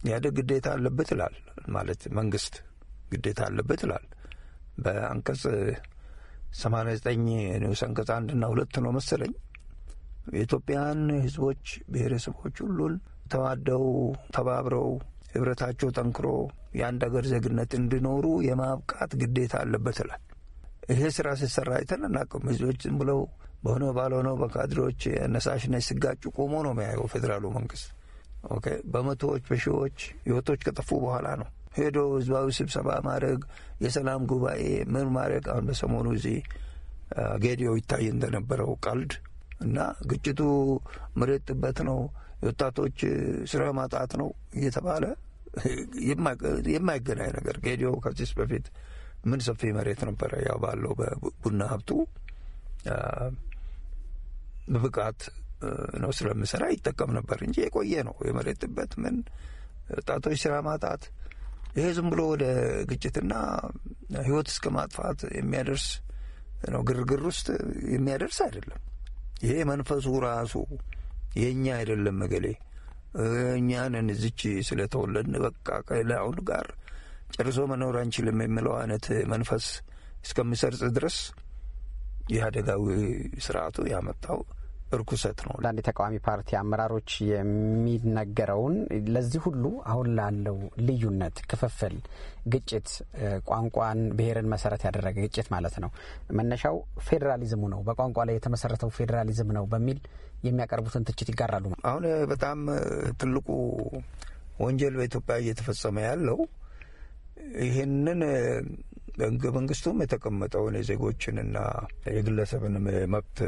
Speaker 8: ኢህአዴግ ግዴታ አለበት ይላል ማለት መንግስት ግዴታ አለበት ይላል። በአንቀጽ ዘጠኝ ንዑስ አንቀጽ አንድና ሁለት ነው መሰለኝ የኢትዮጵያን ህዝቦች፣ ብሔረሰቦች ሁሉን ተዋደው ተባብረው ህብረታቸው ጠንክሮ የአንድ አገር ዜግነት እንዲኖሩ የማብቃት ግዴታ አለበት ይላል። ይሄ ስራ ሲሰራ አይተን ህዝቦች ዝም ብለው በሆነ ባልሆነው በካድሬዎች ነሳሽነት ሲጋጩ ቆሞ ነው የሚያየው ፌዴራሉ መንግስት። በመቶዎች በሺዎች ህይወቶች ከጠፉ በኋላ ነው ሄዶ ህዝባዊ ስብሰባ ማድረግ የሰላም ጉባኤ ምን ማድረግ አሁን በሰሞኑ እዚህ ጌዲዮ ይታይ እንደነበረው ቀልድ እና ግጭቱ መሬት ጥበት ነው፣ የወጣቶች ስራ ማጣት ነው እየተባለ የማይገናኝ ነገር። ጌዲዮ ከዚስ በፊት ምን ሰፊ መሬት ነበረ? ያው ባለው በቡና ሀብቱ በብቃት ነው ስለምሰራ ይጠቀም ነበር እንጂ የቆየ ነው። የመሬት ጥበት ምን ወጣቶች ስራ ማጣት ይሄ ዝም ብሎ ወደ ግጭትና ህይወት እስከ ማጥፋት የሚያደርስ ነው፣ ግርግር ውስጥ የሚያደርስ አይደለም። ይሄ መንፈሱ ራሱ የእኛ አይደለም። መገሌ እኛንን እዚች ስለተወለድን በቃ ከላውን ጋር ጨርሶ መኖር አንችልም የሚለው አይነት መንፈስ እስከሚሰርጽ ድረስ የአደጋዊ ስርዓቱ ያመጣው
Speaker 7: እርኩሰት ነው። አንዳንድ የተቃዋሚ ፓርቲ አመራሮች የሚነገረውን ለዚህ ሁሉ አሁን ላለው ልዩነት፣ ክፍፍል፣ ግጭት ቋንቋን፣ ብሔርን መሰረት ያደረገ ግጭት ማለት ነው መነሻው ፌዴራሊዝሙ ነው፣ በቋንቋ ላይ የተመሰረተው ፌዴራሊዝም ነው በሚል የሚያቀርቡትን ትችት ይጋራሉ።
Speaker 8: አሁን በጣም ትልቁ ወንጀል በኢትዮጵያ እየተፈጸመ ያለው ይህንን በህገ መንግስቱም የተቀመጠውን የዜጎችንና የግለሰብን መብት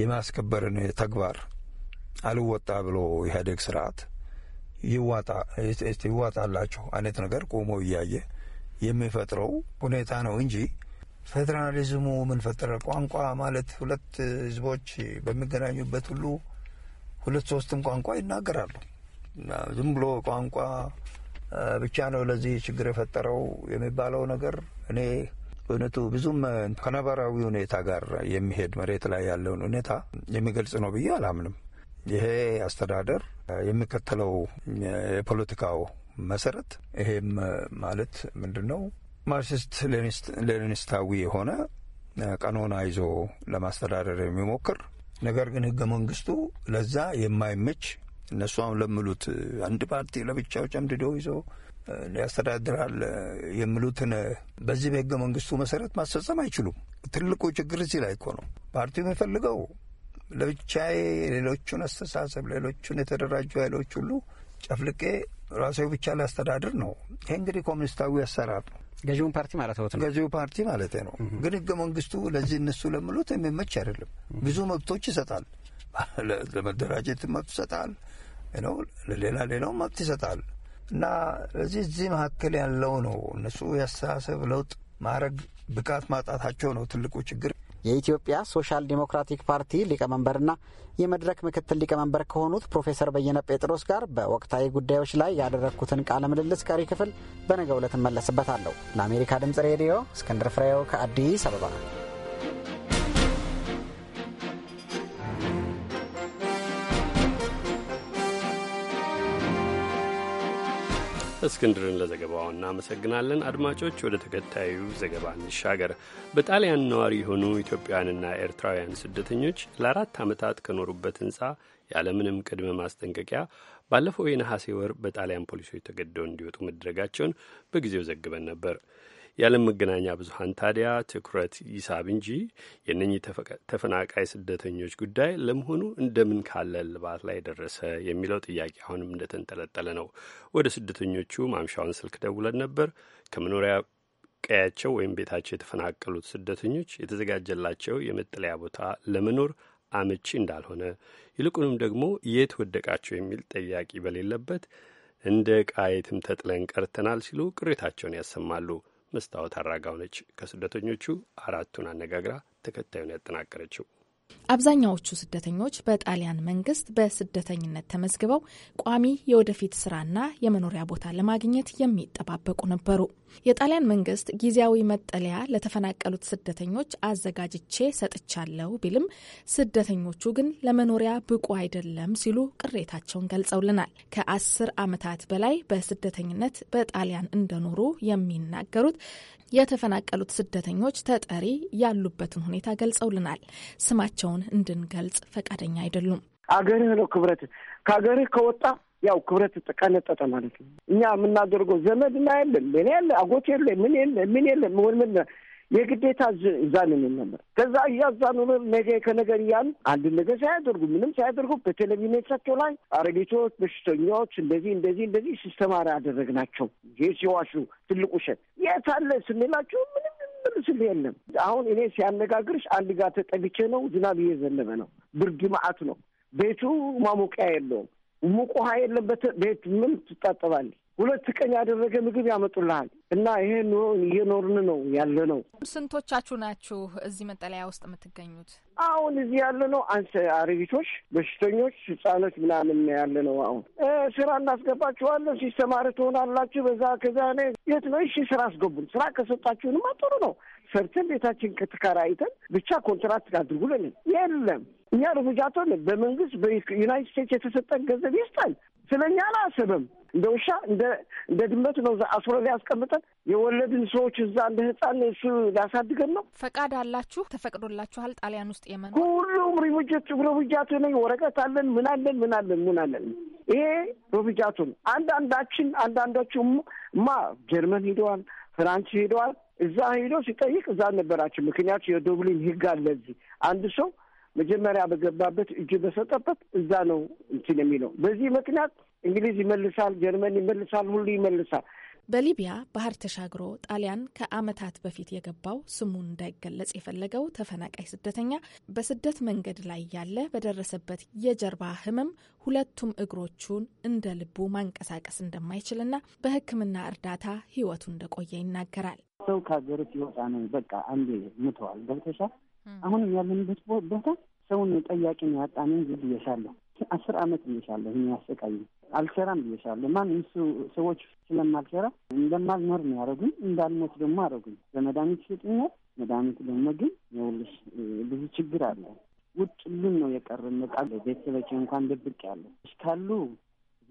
Speaker 8: የማስከበርን ተግባር አልወጣ ብሎ ኢህአዴግ ስርዓት ይዋጣላቸው አይነት ነገር ቆሞ እያየ የሚፈጥረው ሁኔታ ነው እንጂ ፌዴራሊዝሙ ምን ፈጠረ? ቋንቋ ማለት ሁለት ህዝቦች በሚገናኙበት ሁሉ ሁለት ሶስትም ቋንቋ ይናገራሉ። ዝም ብሎ ቋንቋ ብቻ ነው ለዚህ ችግር የፈጠረው የሚባለው ነገር እኔ በእውነቱ ብዙም ከነባራዊ ሁኔታ ጋር የሚሄድ መሬት ላይ ያለውን ሁኔታ የሚገልጽ ነው ብዬ አላምንም። ይሄ አስተዳደር የሚከተለው የፖለቲካው መሰረት ይሄም ማለት ምንድን ነው ማርክሲስት ሌኒኒስታዊ የሆነ ቀኖና ይዞ ለማስተዳደር የሚሞክር ነገር ግን ህገ መንግስቱ ለዛ የማይመች እነሱ አሁን ለሚሉት አንድ ፓርቲ ለብቻው ጨምድዶ ይዞ ያስተዳድራል የሚሉትን በዚህ በህገ መንግስቱ መሰረት ማስፈጸም አይችሉም። ትልቁ ችግር እዚህ ላይ እኮ ነው። ፓርቲው የሚፈልገው ለብቻዬ ሌሎቹን አስተሳሰብ፣ ሌሎቹን የተደራጁ ኃይሎች ሁሉ ጨፍልቄ ራሴ ብቻ ሊያስተዳድር ነው። ይሄ እንግዲህ ኮሚኒስታዊ አሰራር ነው። ገዢውን ፓርቲ ማለት ነው። ገዢው ፓርቲ ማለት ነው። ግን ህገ መንግስቱ ለዚህ እነሱ ለምሉት የሚመች አይደለም። ብዙ መብቶች ይሰጣል። ለመደራጀት መብት ይሰጣል ነው ለሌላ ሌላው መብት ይሰጣል። እና እዚህ እዚህ መካከል ያለው ነው እነሱ የአስተሳሰብ ለውጥ ማድረግ ብቃት ማጣታቸው ነው ትልቁ ችግር። የኢትዮጵያ ሶሻል ዲሞክራቲክ ፓርቲ ሊቀመንበርና
Speaker 7: የመድረክ ምክትል ሊቀመንበር ከሆኑት ፕሮፌሰር በየነ ጴጥሮስ ጋር በወቅታዊ ጉዳዮች ላይ ያደረግኩትን ቃለ ምልልስ ቀሪ ክፍል በነገው ዕለት እመለስበታለሁ። ለአሜሪካ ድምፅ ሬዲዮ እስክንድር ፍሬው ከአዲስ አበባ
Speaker 1: እስክንድርን ለዘገባው እናመሰግናለን። አድማጮች ወደ ተከታዩ ዘገባ እንሻገር። በጣሊያን ነዋሪ የሆኑ ኢትዮጵያውያንና ኤርትራውያን ስደተኞች ለአራት ዓመታት ከኖሩበት ህንፃ ያለምንም ቅድመ ማስጠንቀቂያ ባለፈው የነሐሴ ወር በጣሊያን ፖሊሶች ተገደው እንዲወጡ መደረጋቸውን በጊዜው ዘግበን ነበር። የዓለም መገናኛ ብዙኃን ታዲያ ትኩረት ይሳብ እንጂ የእነኚህ ተፈናቃይ ስደተኞች ጉዳይ ለመሆኑ እንደምን ካለ ልባት ላይ ደረሰ የሚለው ጥያቄ አሁንም እንደተንጠለጠለ ነው። ወደ ስደተኞቹ ማምሻውን ስልክ ደውለን ነበር። ከመኖሪያ ቀያቸው ወይም ቤታቸው የተፈናቀሉት ስደተኞች የተዘጋጀላቸው የመጠለያ ቦታ ለመኖር አመቺ እንዳልሆነ ይልቁንም ደግሞ የት ወደቃቸው የሚል ጠያቂ በሌለበት እንደ ቃየትም የትም ተጥለን ቀርተናል ሲሉ ቅሬታቸውን ያሰማሉ። መስታወት አራጋው ነች ከስደተኞቹ አራቱን አነጋግራ ተከታዩን ያጠናቀረችው።
Speaker 11: አብዛኛዎቹ ስደተኞች በጣሊያን መንግስት በስደተኝነት ተመዝግበው ቋሚ የወደፊት ስራና የመኖሪያ ቦታ ለማግኘት የሚጠባበቁ ነበሩ። የጣሊያን መንግስት ጊዜያዊ መጠለያ ለተፈናቀሉት ስደተኞች አዘጋጅቼ ሰጥቻለሁ ቢልም ስደተኞቹ ግን ለመኖሪያ ብቁ አይደለም ሲሉ ቅሬታቸውን ገልጸውልናል። ከአስር ዓመታት በላይ በስደተኝነት በጣሊያን እንደኖሩ የሚናገሩት የተፈናቀሉት ስደተኞች ተጠሪ ያሉበትን ሁኔታ ገልጸውልናል። ስማቸውን እንድንገልጽ ፈቃደኛ
Speaker 12: አይደሉም። አገርህ ነው ክብረት ከአገርህ ከወጣ ያው ክብረት ተቀነጠጠ ማለት ነው። እኛ የምናደርገው ዘመድና የለን ሌላ ያለ አጎት የለ ምን የለ ምን የለ ምን የግዴታ እዛንን ነበር። ከዛ እያዛኑ ነገ ከነገር እያሉ አንድ ነገር ሳያደርጉ ምንም ሳያደርጉ በቴሌቪዥኖቻቸው ላይ አረጌቶች፣ በሽተኛዎች እንደዚህ እንደዚህ እንደዚህ ሲስተማር ያደረግናቸው ሲዋሹ ትልቁ ውሸት የት አለ ስንላቸው ምንም ስል የለም። አሁን እኔ ሲያነጋግርሽ አንድ ጋር ተጠግቼ ነው። ዝናብ እየዘነበ ነው። ብርድ መዓት ነው። ቤቱ ማሞቂያ የለውም። ሙቅ ውሃ የለበት ቤት ምን ትታጠባለህ? ሁለት ቀን ያደረገ ምግብ ያመጡልሃል። እና ይሄ ኑሮ እየኖርን ነው ያለ ነው።
Speaker 11: ስንቶቻችሁ ናችሁ እዚህ መጠለያ ውስጥ የምትገኙት?
Speaker 12: አሁን እዚህ ያለ ነው አንስ አረቢቶች፣ በሽተኞች፣ ህጻኖች ምናምን ያለ ነው። አሁን ስራ እናስገባችኋለን፣ ሲስተማር ትሆናላችሁ። በዛ ከዛ የት ነው እሺ፣ ስራ አስገቡን። ስራ ከሰጣችሁንማ ጥሩ ነው። ሰርተን ቤታችን ከተከራይተን ብቻ ኮንትራት አድርጉልን። የለም እኛ ቶን በመንግስት በዩናይትድ ስቴትስ የተሰጠን ገንዘብ ይስጠን። ስለ እኛ አላሰበም። እንደ ውሻ እንደ ድመት ነው አስሮ ሊያስቀምጠን። የወለድን ሰዎች እዛ እንደ ህፃን እሱ ሊያሳድገን ነው።
Speaker 11: ፈቃድ አላችሁ? ተፈቅዶላችኋል? ጣሊያን ውስጥ የመኖር
Speaker 12: ሁሉም ሪቡጀት ሪቡጃቱ ነኝ። ወረቀት አለን። ምን አለን? ምን አለን? ምን አለን? ይሄ ሪቡጃቱ ነው። አንዳንዳችን አንዳንዳችሁ ማ ጀርመን ሂደዋል፣ ፍራንስ ሂደዋል እዛ ሄዶ ሲጠይቅ እዛ አልነበራቸው። ምክንያቱ የዶብሊን ህግ አለ። እዚህ አንድ ሰው መጀመሪያ በገባበት እጁ በሰጠበት እዛ ነው እንትን የሚለው። በዚህ ምክንያት እንግሊዝ ይመልሳል፣ ጀርመን ይመልሳል፣ ሁሉ ይመልሳል።
Speaker 11: በሊቢያ ባህር ተሻግሮ ጣሊያን ከዓመታት በፊት የገባው ስሙን እንዳይገለጽ የፈለገው ተፈናቃይ ስደተኛ በስደት መንገድ ላይ ያለ በደረሰበት የጀርባ ሕመም ሁለቱም እግሮቹን እንደ ልቡ ማንቀሳቀስ እንደማይችልና በሕክምና እርዳታ ሕይወቱ እንደቆየ ይናገራል።
Speaker 2: ሰው ከሀገሩ ሲወጣ ነው በቃ አንዴ ምተዋል። ገብተሻል። አሁንም ያለንበት ቦታ ሰውን ጠያቂ ነው ዝብ ዝብዬሻለሁ አስር አመት ብዬሻለሁ። ይህ ያሰቃይ አልሰራም ብዬሻለሁ። ማንም ሰዎች ስለማልሰራ እንደማልኖር ነው ያደረጉኝ። እንዳልሞት ደግሞ አደረጉኝ። በመድኃኒት ይሰጡኛል። መድኃኒት ደግሞ ግን የውልሽ ብዙ ችግር አለ። ውጭ ልን ነው የቀረን። በቃ ቤተሰቦቼ እንኳን ደብቅ ያለ እስካሉ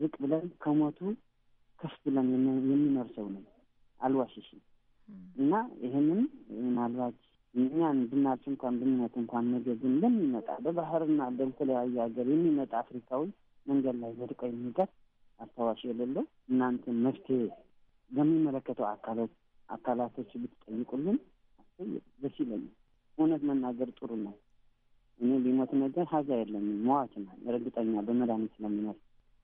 Speaker 2: ዝቅ ብለን ከሞቱ ከፍ ብለን የሚኖር ሰው ነው። አልዋሽሽም እና ይህንን ምናልባት እኛ ብናች እንኳን ብንሞት እንኳን ነገ ግን ለሚመጣ በባህርና በተለያየ ሀገር የሚመጣ አፍሪካዊ መንገድ ላይ ወድቆ የሚገር አስታዋሽ የሌለው እናንተ መፍትሄ በሚመለከተው አካሎች አካላቶች ብትጠይቁልን ደስ ይለኛል። እውነት መናገር ጥሩ ነው። እኔ ሊሞት ነገር ሀዛ የለኝም መዋት ነው እርግጠኛ በመድኃኒት ስለሚመር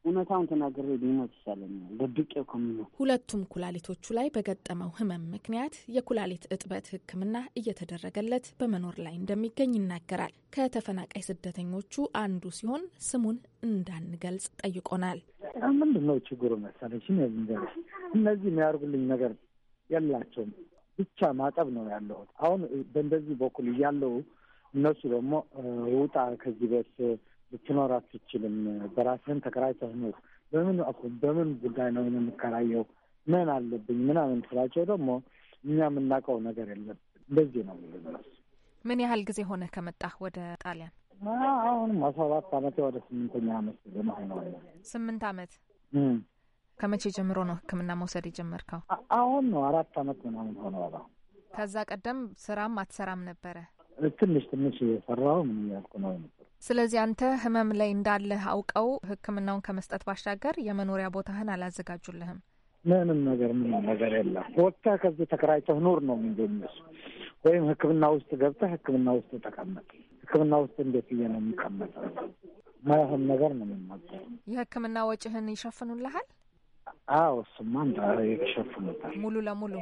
Speaker 2: እውነታውን ተናገሬ ሊሞት ይሻለኝ ደብቄ ኮሚኖ
Speaker 11: ሁለቱም ኩላሊቶቹ ላይ በገጠመው ህመም ምክንያት የኩላሊት እጥበት ሕክምና እየተደረገለት በመኖር ላይ እንደሚገኝ ይናገራል። ከተፈናቃይ ስደተኞቹ አንዱ ሲሆን ስሙን እንዳንገልጽ ጠይቆናል።
Speaker 2: ምንድን ነው ችግሩ መሰለሽ እነዚህ የሚያደርጉልኝ ነገር የላቸውም። ብቻ ማጠብ ነው ያለሁት። አሁን በእንደዚህ በኩል እያለው እነሱ ደግሞ ውጣ ከዚህ በስ ልትኖር አትችልም። በራስህን ተከራይተህ ኑር። በምን በምን ጉዳይ ነው የምከራየው? ምን አለብኝ ምናምን ስላቸው ደግሞ እኛ የምናውቀው ነገር የለም። እንደዚህ ነው።
Speaker 11: ምን ያህል ጊዜ ሆነ ከመጣህ ወደ ጣሊያን?
Speaker 2: አሁንም ሰባት አመቴ ወደ ስምንተኛ አመት ነው።
Speaker 11: ስምንት አመት ከመቼ ጀምሮ ነው ህክምና መውሰድ የጀመርከው?
Speaker 2: አሁን ነው አራት አመት ምናምን ሆነዋል።
Speaker 11: ከዛ ቀደም ስራም አትሰራም ነበረ?
Speaker 2: ትንሽ ትንሽ የሰራው ምን ያልኩ ነው
Speaker 11: ስለዚህ አንተ ህመም ላይ እንዳለህ አውቀው ህክምናውን ከመስጠት ባሻገር የመኖሪያ ቦታህን አላዘጋጁልህም?
Speaker 2: ምንም ነገር ምንም ነገር የለም። ወጥተህ ከዚህ ተከራይተህ ኑር ነው እንጂ ወይም ህክምና ውስጥ ገብተህ ህክምና ውስጥ ተቀመጥ። ህክምና ውስጥ እንዴት ብዬ ነው የሚቀመጠው? ማይሆን ነገር ነው የሚናገሩ።
Speaker 11: የህክምና ወጪህን ይሸፍኑልሃል?
Speaker 2: አዎ፣ እሱማ የተሸፍኑታል ሙሉ ለሙሉ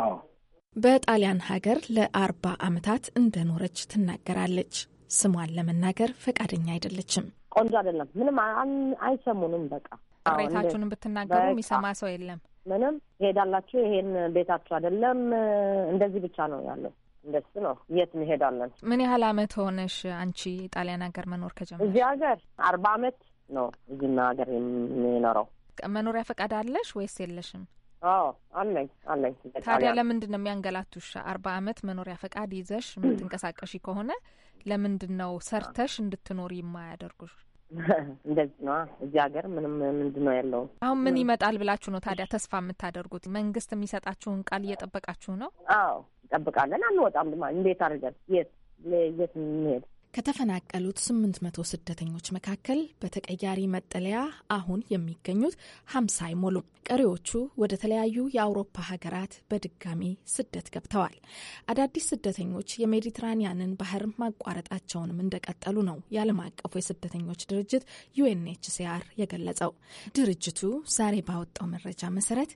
Speaker 2: አዎ።
Speaker 11: በጣሊያን ሀገር ለአርባ አመታት እንደኖረች ትናገራለች። ስሟን ለመናገር ፈቃደኛ አይደለችም።
Speaker 5: ቆንጆ አይደለም። ምንም አይሰሙንም። በቃ ቅሬታችሁንም
Speaker 11: ብትናገሩ የሚሰማ ሰው የለም። ምንም ይሄዳላችሁ፣ ይሄን ቤታችሁ አይደለም፣ እንደዚህ
Speaker 5: ብቻ ነው ያለው። እንደሱ ነው። የት እንሄዳለን? ምን
Speaker 11: ያህል አመት ሆነሽ አንቺ ጣሊያን ሀገር መኖር ከጀመርሽ? እዚህ
Speaker 5: ሀገር አርባ አመት ነው እዚህና ሀገር የሚኖረው።
Speaker 11: መኖሪያ ፈቃድ አለሽ ወይስ የለሽም?
Speaker 12: አዎ አለኝ አለኝ። ታዲያ ለምንድን
Speaker 11: ነው የሚያንገላቱሽ? አርባ አመት መኖሪያ ፈቃድ ይዘሽ የምትንቀሳቀሽ ከሆነ ለምንድን <laughs> ነው ሰርተሽ እንድትኖር የማያደርጉሽ?
Speaker 5: እንደዚህ ነዋ። እዚህ ሀገር ምንም ምንድን ነው ያለው። አሁን ምን
Speaker 11: ይመጣል ብላችሁ ነው ታዲያ ተስፋ የምታደርጉት? መንግስት የሚሰጣችሁን ቃል እየጠበቃችሁ ነው?
Speaker 5: አዎ፣ እንጠብቃለን። አንወጣም ድማ እንዴት አድርገን የት የት እንሄድ ከተፈናቀሉት
Speaker 11: 800 ስደተኞች መካከል በተቀያሪ መጠለያ አሁን የሚገኙት 50 አይሞሉም። ቀሪዎቹ ወደ ተለያዩ የአውሮፓ ሀገራት በድጋሚ ስደት ገብተዋል። አዳዲስ ስደተኞች የሜዲትራኒያንን ባህር ማቋረጣቸውንም እንደቀጠሉ ነው የዓለም አቀፉ የስደተኞች ድርጅት ዩኤንኤችሲአር የገለጸው። ድርጅቱ ዛሬ ባወጣው መረጃ መሰረት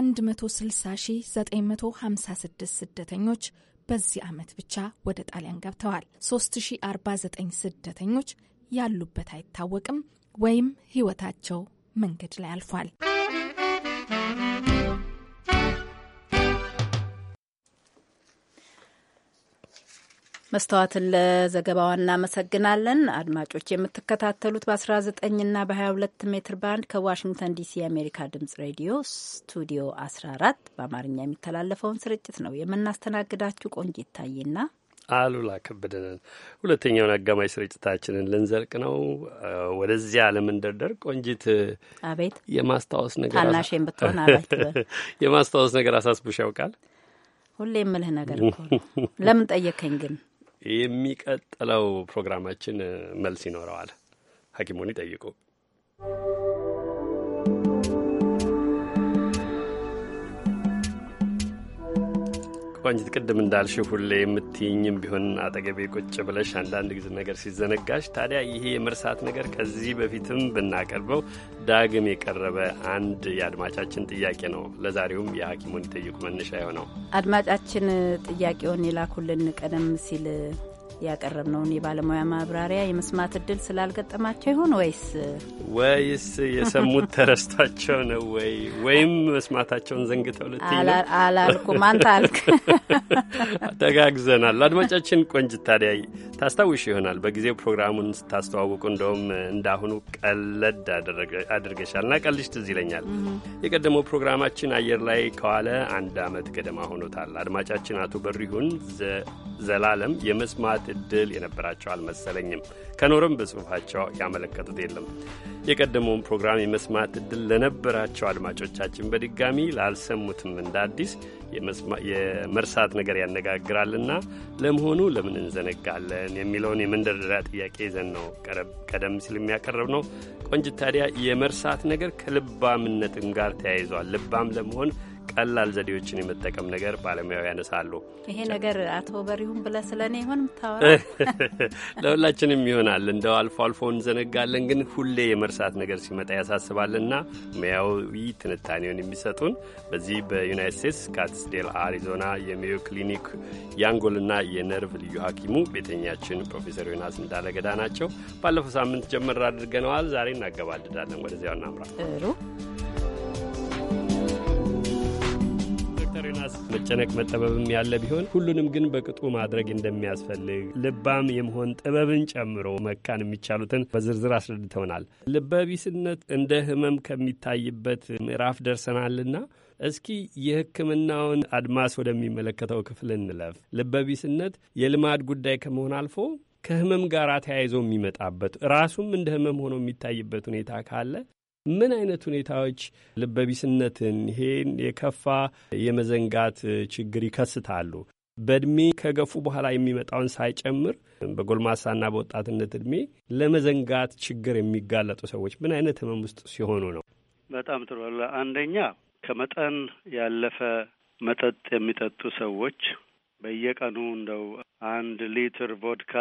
Speaker 11: 160956 ስደተኞች በዚህ ዓመት ብቻ ወደ ጣሊያን ገብተዋል። 3049 ስደተኞች ያሉበት አይታወቅም ወይም ሕይወታቸው መንገድ ላይ አልፏል።
Speaker 3: መስተዋትን ለዘገባዋ እናመሰግናለን። አድማጮች የምትከታተሉት በ19ና በ22 ሜትር ባንድ ከዋሽንግተን ዲሲ የአሜሪካ ድምጽ ሬዲዮ ስቱዲዮ 14 በአማርኛ የሚተላለፈውን ስርጭት ነው የምናስተናግዳችሁ። ቆንጅ ይታይና
Speaker 1: አሉላ ከበደንን ሁለተኛውን አጋማሽ ስርጭታችንን ልንዘልቅ ነው። ወደዚያ ለመንደርደር ቆንጂት፣ አቤት የማስታወስ ነገር ታናሽን ብትሆን <laughs> የማስታወስ ነገር አሳስቦሽ ያውቃል?
Speaker 3: ሁሌ የምልህ ነገር ለምን ጠየከኝ ግን
Speaker 1: የሚቀጥለው ፕሮግራማችን መልስ ይኖረዋል። ሐኪሙን ይጠይቁ ቆንጅት ቅድም እንዳልሽ ሁሌ የምትይኝም ቢሆን አጠገቤ ቁጭ ብለሽ አንዳንድ ጊዜ ነገር ሲዘነጋሽ፣ ታዲያ ይሄ የመርሳት ነገር ከዚህ በፊትም ብናቀርበው ዳግም የቀረበ አንድ የአድማጫችን ጥያቄ ነው። ለዛሬውም የሐኪሙን ይጠይቁ መነሻ የሆነው
Speaker 3: አድማጫችን ጥያቄውን የላኩልን ቀደም ሲል ያቀረብነውን የባለሙያ ማብራሪያ የመስማት እድል ስላልገጠማቸው ይሆን ወይስ
Speaker 1: ወይስ የሰሙት ተረስቷቸው ነው ወይ ወይም መስማታቸውን ዘንግተው ልት አላልኩም። አንተ አልክ። ተጋግዘናል። <laughs> አድማጫችን ቆንጅት ታዲያ ታስታውሽ ይሆናል በጊዜው ፕሮግራሙን ስታስተዋውቁ እንደውም እንዳሁኑ ቀለድ አድርገሻል ና ቀልሽ ትዝ ይለኛል። የቀደመው ፕሮግራማችን አየር ላይ ከዋለ አንድ አመት ገደማ ሆኖታል። አድማጫችን አቶ በሪሁን ዘላለም የመስማት እድል የነበራቸው አልመሰለኝም። ከኖርም በጽሑፋቸው ያመለከቱት የለም። የቀደመውን ፕሮግራም የመስማት እድል ለነበራቸው አድማጮቻችን በድጋሚ ላልሰሙትም እንደ አዲስ የመርሳት ነገር ያነጋግራልና ለመሆኑ ለምን እንዘነጋለን የሚለውን የመንደርደሪያ ጥያቄ ይዘን ነው ቀደም ሲል የሚያቀርብ ነው። ቆንጅት ታዲያ የመርሳት ነገር ከልባምነትም ጋር ተያይዟል። ልባም ለመሆን ቀላል ዘዴዎችን የመጠቀም ነገር ባለሙያው ያነሳሉ።
Speaker 3: ይሄ ነገር አቶ በሪሁም ብለ ስለ እኔ ይሆን ምታወራ?
Speaker 1: <laughs> ለሁላችንም ይሆናል። እንደው አልፎ አልፎ እንዘነጋለን፣ ግን ሁሌ የመርሳት ነገር ሲመጣ ያሳስባልና ሙያዊ ትንታኔውን የሚሰጡን በዚህ በዩናይት ስቴትስ ካትስዴል አሪዞና የሜዮ ክሊኒክ የአንጎልና የነርቭ ልዩ ሐኪሙ ቤተኛችን ፕሮፌሰር ዮናስ እንዳለገዳ ናቸው። ባለፈው ሳምንት ጀመር አድርገነዋል። ዛሬ እናገባድዳለን። ወደዚያው እናምራ። መጨነቅ መጠበብም ያለ ቢሆን ሁሉንም ግን በቅጡ ማድረግ እንደሚያስፈልግ ልባም የመሆን ጥበብን ጨምሮ መካን የሚቻሉትን በዝርዝር አስረድተውናል። ልበቢስነት እንደ ህመም ከሚታይበት ምዕራፍ ደርሰናልና እስኪ የሕክምናውን አድማስ ወደሚመለከተው ክፍል እንለፍ። ልበቢስነት የልማድ ጉዳይ ከመሆን አልፎ ከህመም ጋር ተያይዞ የሚመጣበት ራሱም እንደ ህመም ሆኖ የሚታይበት ሁኔታ ካለ ምን አይነት ሁኔታዎች ልበቢስነትን ይሄን የከፋ የመዘንጋት ችግር ይከስታሉ? በእድሜ ከገፉ በኋላ የሚመጣውን ሳይጨምር በጎልማሳና በወጣትነት እድሜ ለመዘንጋት ችግር የሚጋለጡ ሰዎች ምን አይነት ህመም ውስጥ ሲሆኑ ነው?
Speaker 10: በጣም ጥሩ። አንደኛ ከመጠን ያለፈ መጠጥ የሚጠጡ ሰዎች በየቀኑ እንደው አንድ ሊትር ቮድካ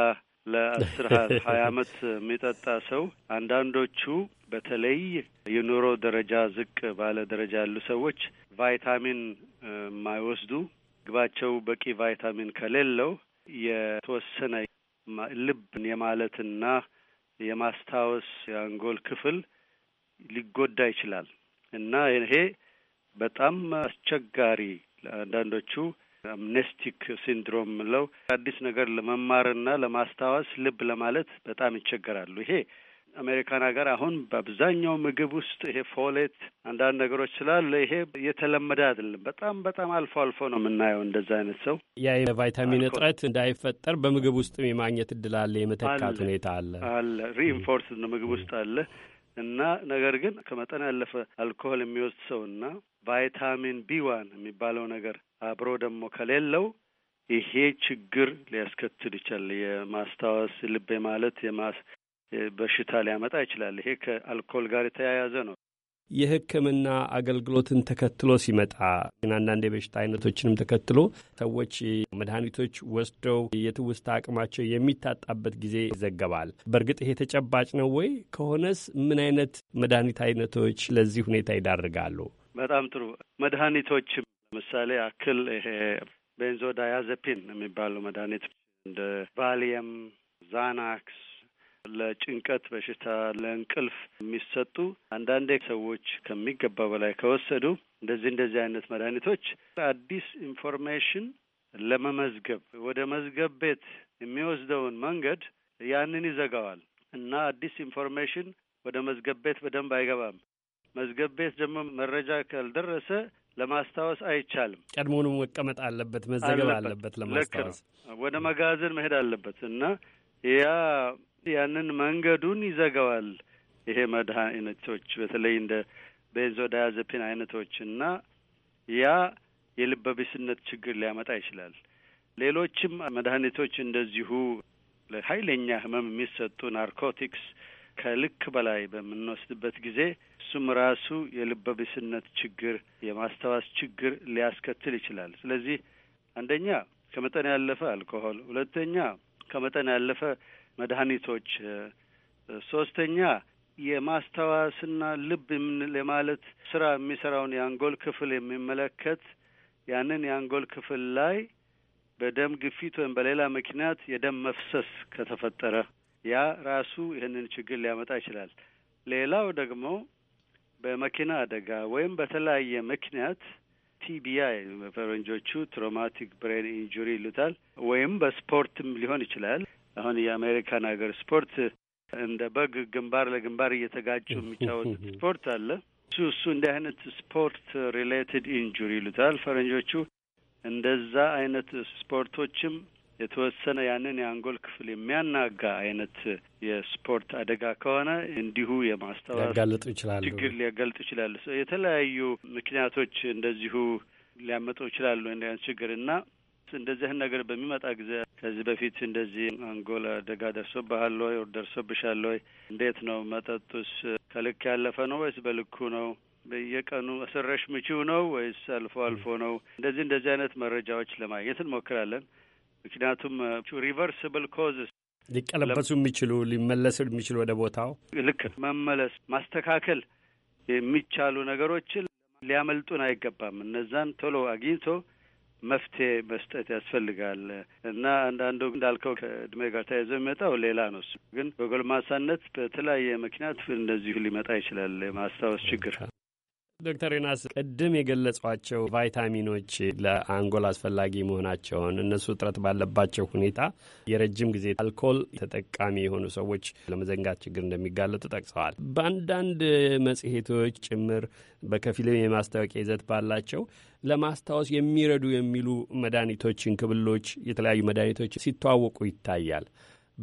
Speaker 10: ለአስር ሀያ ዓመት <laughs> የሚጠጣ ሰው አንዳንዶቹ በተለይ የኑሮ ደረጃ ዝቅ ባለ ደረጃ ያሉ ሰዎች ቫይታሚን የማይወስዱ ምግባቸው በቂ ቫይታሚን ከሌለው የተወሰነ ልብን የማለትና የማስታወስ የአንጎል ክፍል ሊጎዳ ይችላል እና ይሄ በጣም አስቸጋሪ አንዳንዶቹ አምኔስቲክ ሲንድሮም ምለው አዲስ ነገር ለመማርና ለማስታወስ ልብ ለማለት በጣም ይቸገራሉ። ይሄ አሜሪካን ሀገር አሁን በአብዛኛው ምግብ ውስጥ ይሄ ፎሌት አንዳንድ ነገሮች ስላለ ይሄ እየተለመደ አይደለም። በጣም በጣም አልፎ አልፎ ነው የምናየው እንደዛ አይነት ሰው
Speaker 1: ያ የቫይታሚን እጥረት እንዳይፈጠር በምግብ ውስጥም የማግኘት እድል አለ፣ የመተካት ሁኔታ አለ
Speaker 10: አለ ሪኢንፎርስ ነው ምግብ ውስጥ አለ እና ነገር ግን ከመጠን ያለፈ አልኮሆል የሚወስድ ሰው እና ቫይታሚን ቢዋን የሚባለው ነገር አብሮ ደግሞ ከሌለው ይሄ ችግር ሊያስከትል ይችላል። የማስታወስ ልቤ ማለት በሽታ ሊያመጣ ይችላል። ይሄ ከአልኮል ጋር የተያያዘ ነው።
Speaker 1: የሕክምና አገልግሎትን ተከትሎ ሲመጣ ግን አንዳንድ የበሽታ አይነቶችንም ተከትሎ ሰዎች መድኃኒቶች ወስደው የትውስታ አቅማቸው የሚታጣበት ጊዜ ይዘገባል። በእርግጥ ይሄ ተጨባጭ ነው ወይ? ከሆነስ ምን አይነት መድኃኒት አይነቶች ለዚህ ሁኔታ ይዳርጋሉ?
Speaker 10: በጣም ጥሩ መድኃኒቶች ምሳሌ አክል ይሄ ቤንዞዳያዘፒን የሚባሉ መድኃኒት እንደ ቫሊየም፣ ዛናክስ ለጭንቀት በሽታ፣ ለእንቅልፍ የሚሰጡ አንዳንዴ ሰዎች ከሚገባ በላይ ከወሰዱ እንደዚህ እንደዚህ አይነት መድኃኒቶች አዲስ ኢንፎርሜሽን ለመመዝገብ ወደ መዝገብ ቤት የሚወስደውን መንገድ ያንን ይዘጋዋል እና አዲስ ኢንፎርሜሽን ወደ መዝገብ ቤት በደንብ አይገባም። መዝገብ ቤት ደግሞ መረጃ ካልደረሰ ለማስታወስ አይቻልም።
Speaker 1: ቀድሞውንም መቀመጥ አለበት፣ መዘገብ አለበት። ለማስታወስ
Speaker 10: ወደ መጋዘን መሄድ አለበት እና ያ ያንን መንገዱን ይዘጋዋል። ይሄ መድኃኒቶች በተለይ እንደ ቤንዞዳያዘፒን እና ያ የልበቢስነት ችግር ሊያመጣ ይችላል። ሌሎችም መድኃኒቶች እንደዚሁ ለኃይለኛ ህመም የሚሰጡ ናርኮቲክስ ከልክ በላይ በምንወስድበት ጊዜ እሱም ራሱ የልበቢስነት ችግር፣ የማስታወስ ችግር ሊያስከትል ይችላል። ስለዚህ አንደኛ ከመጠን ያለፈ አልኮሆል፣ ሁለተኛ ከመጠን ያለፈ መድኃኒቶች፣ ሶስተኛ የማስታወስና ልብ የማለት ስራ የሚሰራውን የአንጎል ክፍል የሚመለከት ያንን የአንጎል ክፍል ላይ በደም ግፊት ወይም በሌላ ምክንያት የደም መፍሰስ ከተፈጠረ ያ ራሱ ይህንን ችግር ሊያመጣ ይችላል። ሌላው ደግሞ በመኪና አደጋ ወይም በተለያየ ምክንያት ቲቢአይ በፈረንጆቹ ትሮማቲክ ብሬን ኢንጁሪ ይሉታል። ወይም በስፖርትም ሊሆን ይችላል። አሁን የአሜሪካን ሀገር ስፖርት እንደ በግ ግንባር ለግንባር እየተጋጩ የሚጫወቱት ስፖርት አለ። እሱ እሱ እንዲህ አይነት ስፖርት ሪሌትድ ኢንጁሪ ይሉታል ፈረንጆቹ። እንደዛ አይነት ስፖርቶችም የተወሰነ ያንን የአንጎል ክፍል የሚያናጋ አይነት የስፖርት አደጋ ከሆነ እንዲሁ የማስተዋል ሊያጋልጡ ችግር ሊያጋልጡ ይችላሉ። የተለያዩ ምክንያቶች እንደዚሁ ሊያመጡ ይችላሉ እንዲያን ችግር እና እንደዚህን ነገር በሚመጣ ጊዜ ከዚህ በፊት እንደዚህ አንጎላ አደጋ ደርሶብሃል ወይ ደርሶብሻል ወይ? እንዴት ነው መጠጡስ? ከልክ ያለፈ ነው ወይስ በልኩ ነው? በየቀኑ እስረሽ ምችው ነው ወይስ አልፎ አልፎ ነው? እንደዚህ እንደዚህ አይነት መረጃዎች ለማግኘት እንሞክራለን። ምክንያቱም ሪቨርስብል ኮዝስ
Speaker 1: ሊቀለበሱ የሚችሉ ሊመለሱ የሚችሉ ወደ ቦታው
Speaker 10: ልክ መመለስ ማስተካከል የሚቻሉ ነገሮችን ሊያመልጡን አይገባም። እነዛን ቶሎ አግኝቶ መፍትሄ መስጠት ያስፈልጋል እና አንዳንዱ እንዳልከው ከእድሜ ጋር ተያይዞ የሚመጣው ሌላ ነው። እሱ ግን በጎልማሳነት በተለያየ ምክንያት እንደዚሁ ሊመጣ ይችላል። የማስታወስ ችግር
Speaker 1: ዶክተር ዮናስ ቅድም የገለጿቸው ቫይታሚኖች ለአንጎል አስፈላጊ መሆናቸውን እነሱ እጥረት ባለባቸው ሁኔታ የረጅም ጊዜ አልኮል ተጠቃሚ የሆኑ ሰዎች ለመዘንጋት ችግር እንደሚጋለጡ ጠቅሰዋል። በአንዳንድ መጽሔቶች ጭምር በከፊልም የማስታወቂያ ይዘት ባላቸው ለማስታወስ የሚረዱ የሚሉ መድኃኒቶች፣ እንክብሎች፣ የተለያዩ መድኃኒቶች ሲተዋወቁ ይታያል።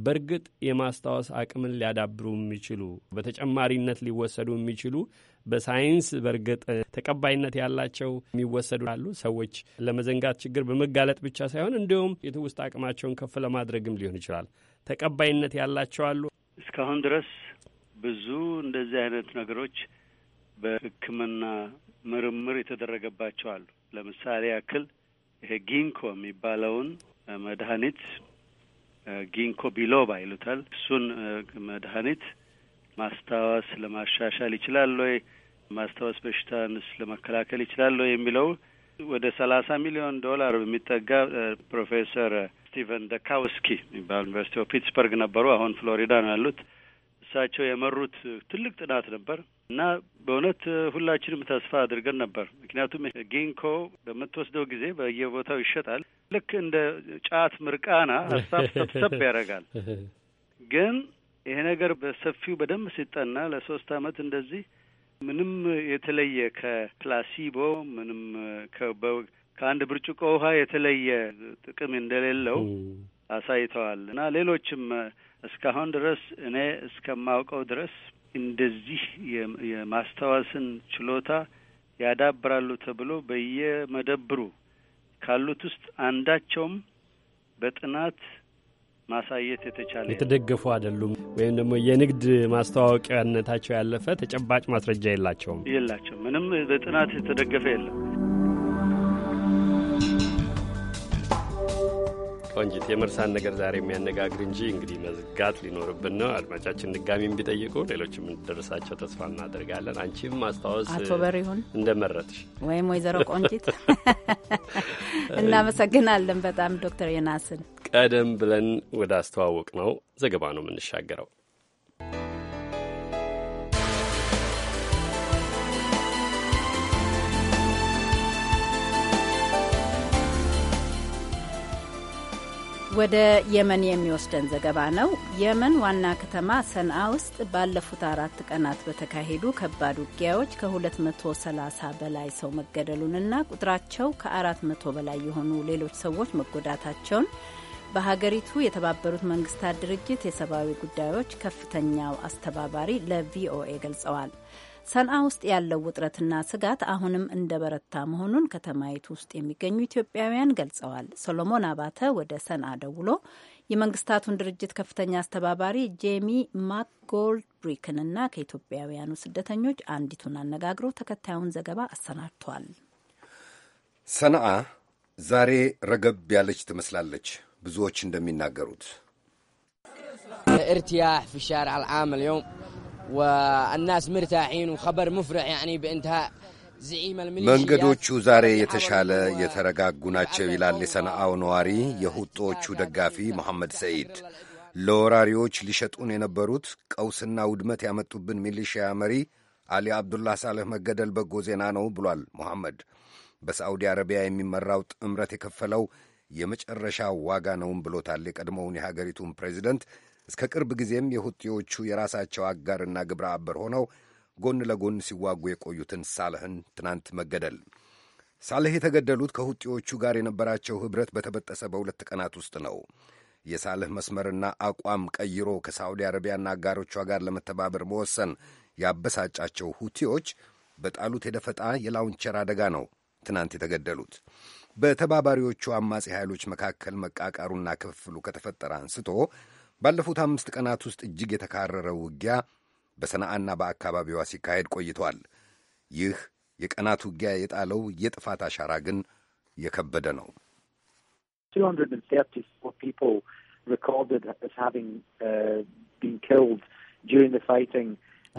Speaker 1: በእርግጥ የማስታወስ አቅምን ሊያዳብሩ የሚችሉ በተጨማሪነት ሊወሰዱ የሚችሉ በሳይንስ በእርግጥ ተቀባይነት ያላቸው የሚወሰዱ አሉ። ሰዎች ለመዘንጋት ችግር በመጋለጥ ብቻ ሳይሆን እንዲሁም የትውስጥ አቅማቸውን ከፍ ለማድረግም ሊሆን ይችላል። ተቀባይነት ያላቸው አሉ።
Speaker 10: እስካሁን ድረስ ብዙ እንደዚህ አይነት ነገሮች በሕክምና ምርምር የተደረገባቸው አሉ። ለምሳሌ ያክል ይሄ ጊንኮ የሚባለውን መድኃኒት ጊንኮ ቢሎባ ይሉታል። እሱን መድኃኒት ማስታወስ ለማሻሻል ይችላል ወይ ማስታወስ በሽታንስ ለመከላከል ይችላል ወይ የሚለው ወደ ሰላሳ ሚሊዮን ዶላር በሚጠጋ ፕሮፌሰር ስቲቨን ደካውስኪ የሚባል ዩኒቨርሲቲ ኦፍ ፒትስበርግ ነበሩ። አሁን ፍሎሪዳ ነው ያሉት። እሳቸው የመሩት ትልቅ ጥናት ነበር እና በእውነት ሁላችንም ተስፋ አድርገን ነበር። ምክንያቱም ጊንኮ በምትወስደው ጊዜ በየቦታው ይሸጣል። ልክ እንደ ጫት ምርቃና ሀሳብ <laughs> ሰብሰብ ያደርጋል። ግን ይሄ ነገር በሰፊው በደንብ ሲጠና ለሶስት አመት እንደዚህ ምንም የተለየ ከፕላሲቦ ምንም ከአንድ ብርጭቆ ውሃ የተለየ ጥቅም እንደሌለው አሳይተዋል እና ሌሎችም እስካሁን ድረስ እኔ እስከማውቀው ድረስ እንደዚህ የማስታወስን ችሎታ ያዳብራሉ ተብሎ በየመደብሩ ካሉት ውስጥ አንዳቸውም በጥናት ማሳየት የተቻለ
Speaker 1: የተደገፉ አይደሉም ወይም ደግሞ የንግድ ማስተዋወቂያነታቸው ያለፈ ተጨባጭ ማስረጃ የላቸውም የላቸው ምንም በጥናት የተደገፈ የለም። ቆንጂት የመርሳን ነገር ዛሬ የሚያነጋግር እንጂ እንግዲህ መዝጋት ሊኖርብን ነው። አድማጫችን ድጋሚም ቢጠይቁ ሌሎችም እንደደረሳቸው ተስፋ እናደርጋለን። አንቺም ማስታወስ አቶ በሪሁን እንደመረጥሽ ወይም ወይዘሮ ቆንጂት <laughs> <laughs>
Speaker 3: እናመሰግናለን በጣም ዶክተር ዮናስን።
Speaker 1: ቀደም ብለን ወደ አስተዋወቅ ነው ዘገባ ነው የምንሻገረው።
Speaker 3: ወደ የመን የሚወስደን ዘገባ ነው። የመን ዋና ከተማ ሰንዓ ውስጥ ባለፉት አራት ቀናት በተካሄዱ ከባድ ውጊያዎች ከ230 በላይ ሰው መገደሉንና ቁጥራቸው ከ400 በላይ የሆኑ ሌሎች ሰዎች መጎዳታቸውን በሀገሪቱ የተባበሩት መንግስታት ድርጅት የሰብአዊ ጉዳዮች ከፍተኛው አስተባባሪ ለቪኦኤ ገልጸዋል። ሰንዓ ውስጥ ያለው ውጥረትና ስጋት አሁንም እንደበረታ መሆኑን ከተማይቱ ውስጥ የሚገኙ ኢትዮጵያውያን ገልጸዋል። ሶሎሞን አባተ ወደ ሰንአ ደውሎ የመንግስታቱን ድርጅት ከፍተኛ አስተባባሪ ጄሚ ማክጎልድሪክንና ከኢትዮጵያውያኑ ስደተኞች አንዲቱን አነጋግሮ ተከታዩን ዘገባ አሰናድቷል።
Speaker 9: ሰንአ ዛሬ ረገብ ያለች ትመስላለች፣ ብዙዎች እንደሚናገሩት
Speaker 1: ارتياح في الشارع العام اليوم والناس مرتاحين وخبر مفرح يعني بانتهاء
Speaker 9: መንገዶቹ ዛሬ የተሻለ የተረጋጉ ናቸው ይላል የሰነአው ነዋሪ የሁጦቹ ደጋፊ መሐመድ ሰዒድ። ለወራሪዎች ሊሸጡን የነበሩት ቀውስና ውድመት ያመጡብን ሚሊሽያ መሪ አሊ አብዱላህ ሳልህ መገደል በጎ ዜና ነው ብሏል መሐመድ። በሳዑዲ አረቢያ የሚመራው ጥምረት የከፈለው የመጨረሻ ዋጋ ነውም ብሎታል የቀድሞውን የሀገሪቱን ፕሬዚደንት እስከ ቅርብ ጊዜም የሁጤዎቹ የራሳቸው አጋርና ግብረ አበር ሆነው ጎን ለጎን ሲዋጉ የቆዩትን ሳልህን ትናንት መገደል ሳልህ የተገደሉት ከሁጤዎቹ ጋር የነበራቸው ኅብረት በተበጠሰ በሁለት ቀናት ውስጥ ነው። የሳልህ መስመርና አቋም ቀይሮ ከሳዑዲ አረቢያና አጋሮቿ ጋር ለመተባበር መወሰን ያበሳጫቸው ሁቲዎች በጣሉት የደፈጣ የላውንቸር አደጋ ነው ትናንት የተገደሉት። በተባባሪዎቹ አማጺ ኃይሎች መካከል መቃቃሩና ክፍፍሉ ከተፈጠረ አንስቶ ባለፉት አምስት ቀናት ውስጥ እጅግ የተካረረ ውጊያ በሰናአና በአካባቢዋ ሲካሄድ ቆይቷል። ይህ የቀናት ውጊያ የጣለው የጥፋት አሻራ ግን የከበደ ነው። uh,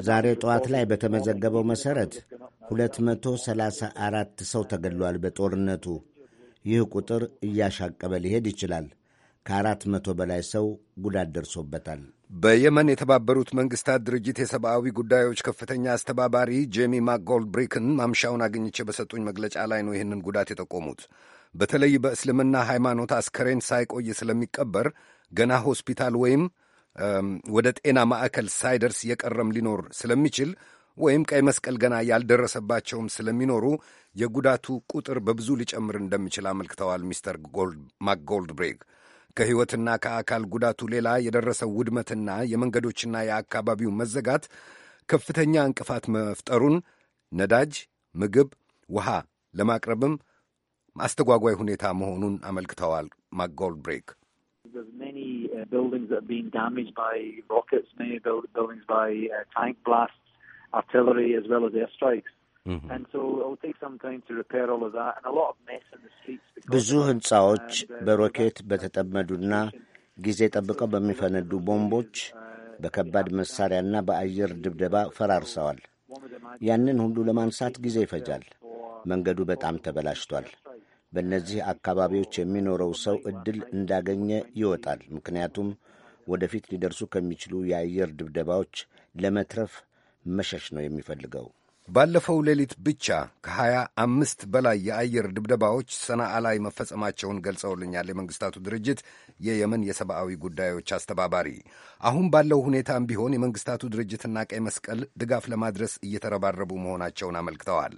Speaker 4: ዛሬ ጠዋት ላይ በተመዘገበው መሠረት 234 ሰው ተገድሏል በጦርነቱ። ይህ ቁጥር እያሻቀበ ሊሄድ ይችላል። ከአራት መቶ በላይ ሰው ጉዳት ደርሶበታል።
Speaker 9: በየመን የተባበሩት መንግስታት ድርጅት የሰብአዊ ጉዳዮች ከፍተኛ አስተባባሪ ጄሚ ማክጎልድ ብሪክን ማምሻውን አግኝቼ በሰጡኝ መግለጫ ላይ ነው ይህንን ጉዳት የጠቆሙት። በተለይ በእስልምና ሃይማኖት አስከሬን ሳይቆይ ስለሚቀበር ገና ሆስፒታል ወይም ወደ ጤና ማዕከል ሳይደርስ የቀረም ሊኖር ስለሚችል ወይም ቀይ መስቀል ገና ያልደረሰባቸውም ስለሚኖሩ የጉዳቱ ቁጥር በብዙ ሊጨምር እንደሚችል አመልክተዋል። ሚስተር ብሪክ ከሕይወትና ከአካል ጉዳቱ ሌላ የደረሰው ውድመትና የመንገዶችና የአካባቢው መዘጋት ከፍተኛ እንቅፋት መፍጠሩን ነዳጅ፣ ምግብ፣ ውሃ ለማቅረብም አስተጓጓይ ሁኔታ መሆኑን አመልክተዋል። ማክጎልብሬክ
Speaker 4: Mm-hmm. ብዙ ህንጻዎች uh, በሮኬት በተጠመዱና ጊዜ ጠብቀው በሚፈነዱ ቦምቦች uh, በከባድ uh, መሣሪያና በአየር ድብደባ ፈራርሰዋል። ያንን ሁሉ ለማንሳት ጊዜ ይፈጃል። መንገዱ በጣም ተበላሽቷል። በእነዚህ አካባቢዎች የሚኖረው ሰው ዕድል እንዳገኘ ይወጣል። ምክንያቱም ወደፊት ሊደርሱ ከሚችሉ የአየር ድብደባዎች ለመትረፍ መሸሽ ነው የሚፈልገው። ባለፈው ሌሊት ብቻ
Speaker 9: ከሀያ አምስት በላይ የአየር ድብደባዎች ሰናአ ላይ መፈጸማቸውን ገልጸውልኛል የመንግስታቱ ድርጅት የየመን የሰብአዊ ጉዳዮች አስተባባሪ። አሁን ባለው ሁኔታም ቢሆን የመንግስታቱ ድርጅትና ቀይ መስቀል ድጋፍ ለማድረስ እየተረባረቡ መሆናቸውን አመልክተዋል።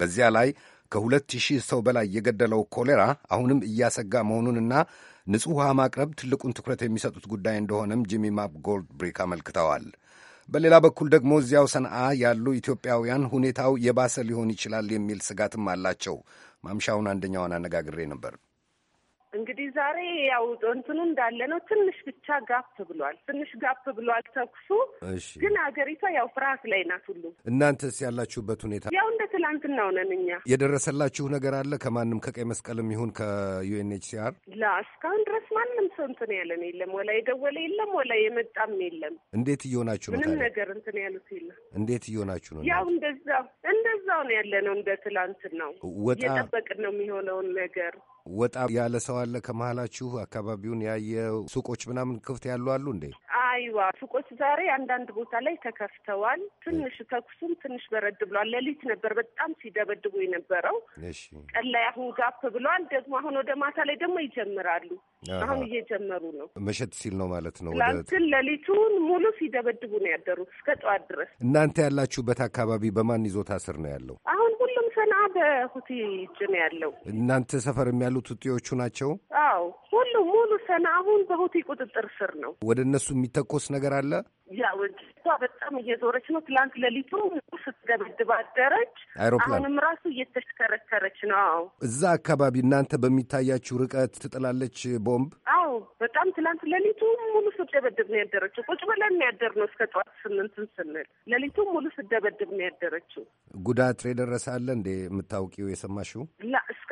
Speaker 9: በዚያ ላይ ከሁለት ሺህ ሰው በላይ የገደለው ኮሌራ አሁንም እያሰጋ መሆኑንና ንጹሕ ውሃ ማቅረብ ትልቁን ትኩረት የሚሰጡት ጉዳይ እንደሆነም ጂሚ ማፕ ብሪክ አመልክተዋል። በሌላ በኩል ደግሞ እዚያው ሰንዓ ያሉ ኢትዮጵያውያን ሁኔታው የባሰ ሊሆን ይችላል የሚል ስጋትም አላቸው። ማምሻውን አንደኛውን አነጋግሬ ነበር።
Speaker 5: እንግዲህ ዛሬ ያው እንትኑ እንዳለ ነው። ትንሽ ብቻ ጋፕ ብሏል። ትንሽ ጋፕ ብሏል ተኩሱ። ግን አገሪቷ ያው ፍርሃት ላይ ናት ሁሉ።
Speaker 9: እናንተስ ያላችሁበት ሁኔታ? ያው
Speaker 5: እንደ ትላንትናው ነን እኛ።
Speaker 9: የደረሰላችሁ ነገር አለ ከማንም ከቀይ መስቀልም ይሁን ከዩኤንኤችሲአር?
Speaker 5: ላ እስካሁን ድረስ ማንም ሰው እንትን ያለን የለም። ወላ የደወለ የለም፣ ወላ የመጣም የለም።
Speaker 9: እንዴት እየሆናችሁ ነው? ምንም
Speaker 5: ነገር እንትን ያሉት የለም።
Speaker 9: እንዴት እየሆናችሁ ነው? ያው
Speaker 5: እንደዛው እንደዛው ነው ያለ ነው። እንደ ትላንትናው እየጠበቅን ነው የሚሆነውን ነገር
Speaker 9: ወጣ ያለ ሰው አለ ከመሀላችሁ? አካባቢውን ያየ ሱቆች ምናምን ክፍት ያሉ አሉ እንዴ?
Speaker 5: አይዋ ሱቆች ዛሬ አንዳንድ ቦታ ላይ ተከፍተዋል። ትንሽ ተኩሱም ትንሽ በረድ ብሏል። ሌሊት ነበር በጣም ሲደበድቡ የነበረው። ቀን ላይ አሁን ጋፕ ብሏል። ደግሞ አሁን ወደ ማታ ላይ ደግሞ ይጀምራሉ። አሁን እየጀመሩ ነው።
Speaker 9: መሸት ሲል ነው ማለት ነው። ትላንትን
Speaker 5: ሌሊቱን ሙሉ ሲደበድቡ ነው ያደሩት እስከ ጠዋት ድረስ።
Speaker 9: እናንተ ያላችሁበት አካባቢ በማን ይዞታ ስር ነው ያለው
Speaker 5: አሁን? ሰና በሁቲ እጅ ነው ያለው።
Speaker 9: እናንተ ሰፈር ያሉት ሁቲዎቹ ናቸው?
Speaker 5: አዎ፣ ሁሉ ሙሉ ሰና አሁን በሁቲ ቁጥጥር ስር ነው።
Speaker 9: ወደ እነሱ የሚተኮስ ነገር አለ?
Speaker 5: ያወድ በጣም እየዞረች ነው። ትላንት ሌሊቱ ስትደበድብ አደረች። አሁንም ራሱ እየተሽከረከረች ነው።
Speaker 9: እዛ አካባቢ እናንተ በሚታያችሁ ርቀት ትጥላለች ቦምብ።
Speaker 5: አዎ በጣም ትላንት ሌሊቱ ሙሉ ስደበድብ ነው ያደረችው። ቁጭ ብለን ነው ያደርነው እስከ ጠዋት ስምንትን ስንል ሌሊቱ ሙሉ ስደበድብ ነው ያደረችው።
Speaker 9: ጉዳት የደረሰ አለ እንዴ የምታውቂው የሰማሽው?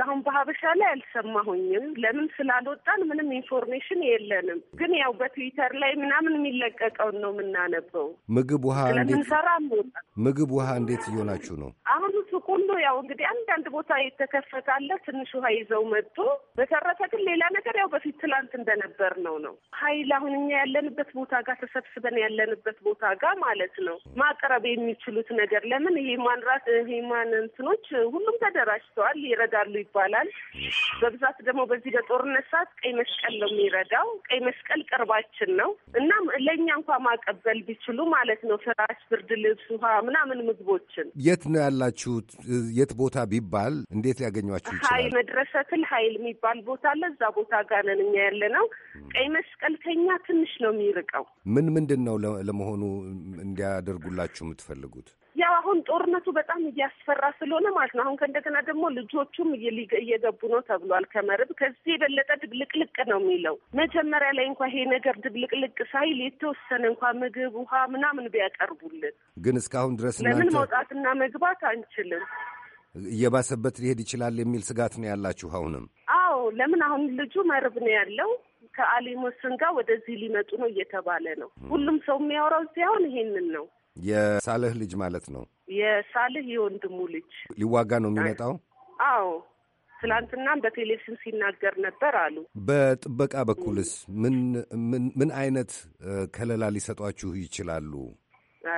Speaker 5: እስካሁን በሀበሻ ላይ አልሰማሁኝም። ለምን ስላልወጣን ምንም ኢንፎርሜሽን የለንም። ግን ያው በትዊተር ላይ ምናምን የሚለቀቀውን ነው የምናነበው።
Speaker 9: ምግብ ውሃ ስለምንሰራ ምግብ ውሃ እንዴት እየሆናችሁ ነው?
Speaker 5: አሁኑ ሱቅ ሁሉ ያው እንግዲህ አንዳንድ ቦታ የተከፈታለ ትንሽ ውሃ ይዘው መጡ። በተረፈ ግን ሌላ ነገር ያው በፊት ትላንት እንደነበር ነው ነው ሀይል አሁን እኛ ያለንበት ቦታ ጋር ተሰብስበን ያለንበት ቦታ ጋር ማለት ነው ማቅረብ የሚችሉት ነገር ለምን ሂማን ራት ሂማን እንትኖች ሁሉም ተደራጅተዋል፣ ይረዳሉ ይባላል። በብዛት ደግሞ በዚህ በጦርነት ሰዓት ቀይ መስቀል ነው የሚረዳው። ቀይ መስቀል ቅርባችን ነው። እናም ለእኛ እንኳ ማቀበል ቢችሉ ማለት ነው ፍራሽ፣ ብርድ ልብስ፣ ውሃ ምናምን ምግቦችን።
Speaker 9: የት ነው ያላችሁት? የት ቦታ ቢባል እንዴት ሊያገኟችሁ
Speaker 5: ይችላል? መድረሰትል ሀይል የሚባል ቦታ አለ። እዛ ቦታ ጋር ነን እኛ ያለ ነው። ቀይ መስቀል ከኛ ትንሽ ነው የሚርቀው።
Speaker 9: ምን ምንድን ነው ለመሆኑ እንዲያደርጉላችሁ የምትፈልጉት?
Speaker 5: ያው አሁን ጦርነቱ በጣም እያስፈራ ስለሆነ ማለት ነው። አሁን ከእንደገና ደግሞ ልጆቹም እየገቡ ነው ተብሏል። ከመረብ ከዚህ የበለጠ ድብልቅልቅ ነው የሚለው መጀመሪያ ላይ እንኳ ይሄ ነገር ድብልቅልቅ ሳይል የተወሰነ እንኳ ምግብ፣ ውሃ ምናምን ቢያቀርቡልን
Speaker 9: ግን እስካሁን ድረስ ለምን
Speaker 5: መውጣትና መግባት አንችልም።
Speaker 9: እየባሰበት ሊሄድ ይችላል የሚል ስጋት ነው ያላችሁ አሁንም?
Speaker 5: አዎ ለምን አሁን ልጁ መርብ ነው ያለው ከአሊሞስን ጋር ወደዚህ ሊመጡ ነው እየተባለ ነው። ሁሉም ሰው የሚያወራው እዚህ አሁን ይሄንን ነው።
Speaker 9: የሳልህ ልጅ ማለት ነው።
Speaker 5: የሳልህ የወንድሙ ልጅ
Speaker 9: ሊዋጋ ነው የሚመጣው።
Speaker 5: አዎ ትላንትናም በቴሌቪዥን ሲናገር ነበር አሉ።
Speaker 9: በጥበቃ በኩልስ ምን ምን አይነት ከለላ ሊሰጧችሁ ይችላሉ?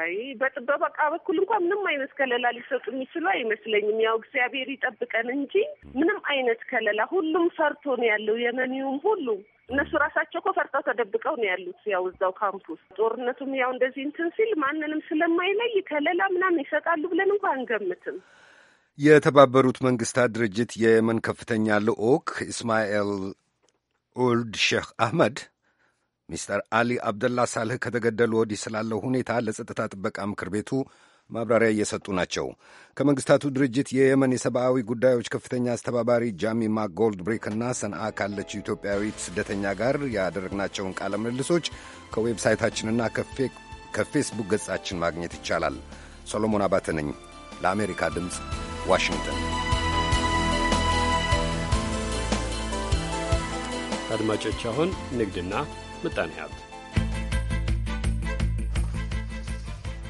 Speaker 5: አይ በጥበቃ በኩል እንኳን ምንም አይነት ከለላ ሊሰጡ የሚችሉ አይመስለኝም። ያው እግዚአብሔር ይጠብቀን እንጂ ምንም አይነት ከለላ፣ ሁሉም ፈርቶ ነው ያለው የመኒውም ሁሉም እነሱ ራሳቸው ኮፈርጠው ተደብቀው ነው ያሉት። ያው እዛው ካምፑስ ጦርነቱም ያው እንደዚህ እንትን ሲል ማንንም ስለማይለይ ከለላ ምናምን ይሰጣሉ ብለን እንኳ አንገምትም።
Speaker 9: የተባበሩት መንግስታት ድርጅት የየመን ከፍተኛ ልዑክ ኢስማኤል ኡልድ ሼክ አህመድ ሚስተር አሊ አብደላ ሳልህ ከተገደሉ ወዲህ ስላለው ሁኔታ ለጸጥታ ጥበቃ ምክር ቤቱ ማብራሪያ እየሰጡ ናቸው። ከመንግስታቱ ድርጅት የየመን የሰብአዊ ጉዳዮች ከፍተኛ አስተባባሪ ጃሚ ጎልድ ብሬክ እና ሰንአ ካለችው ኢትዮጵያዊት ስደተኛ ጋር ያደረግናቸውን ቃለ ምልልሶች ከዌብሳይታችንና ከፌስቡክ ገጻችን ማግኘት ይቻላል። ሰሎሞን አባተ ነኝ ለአሜሪካ ድምፅ ዋሽንግተን።
Speaker 1: አድማጮች አሁን ንግድና ምጣኔ ሀብት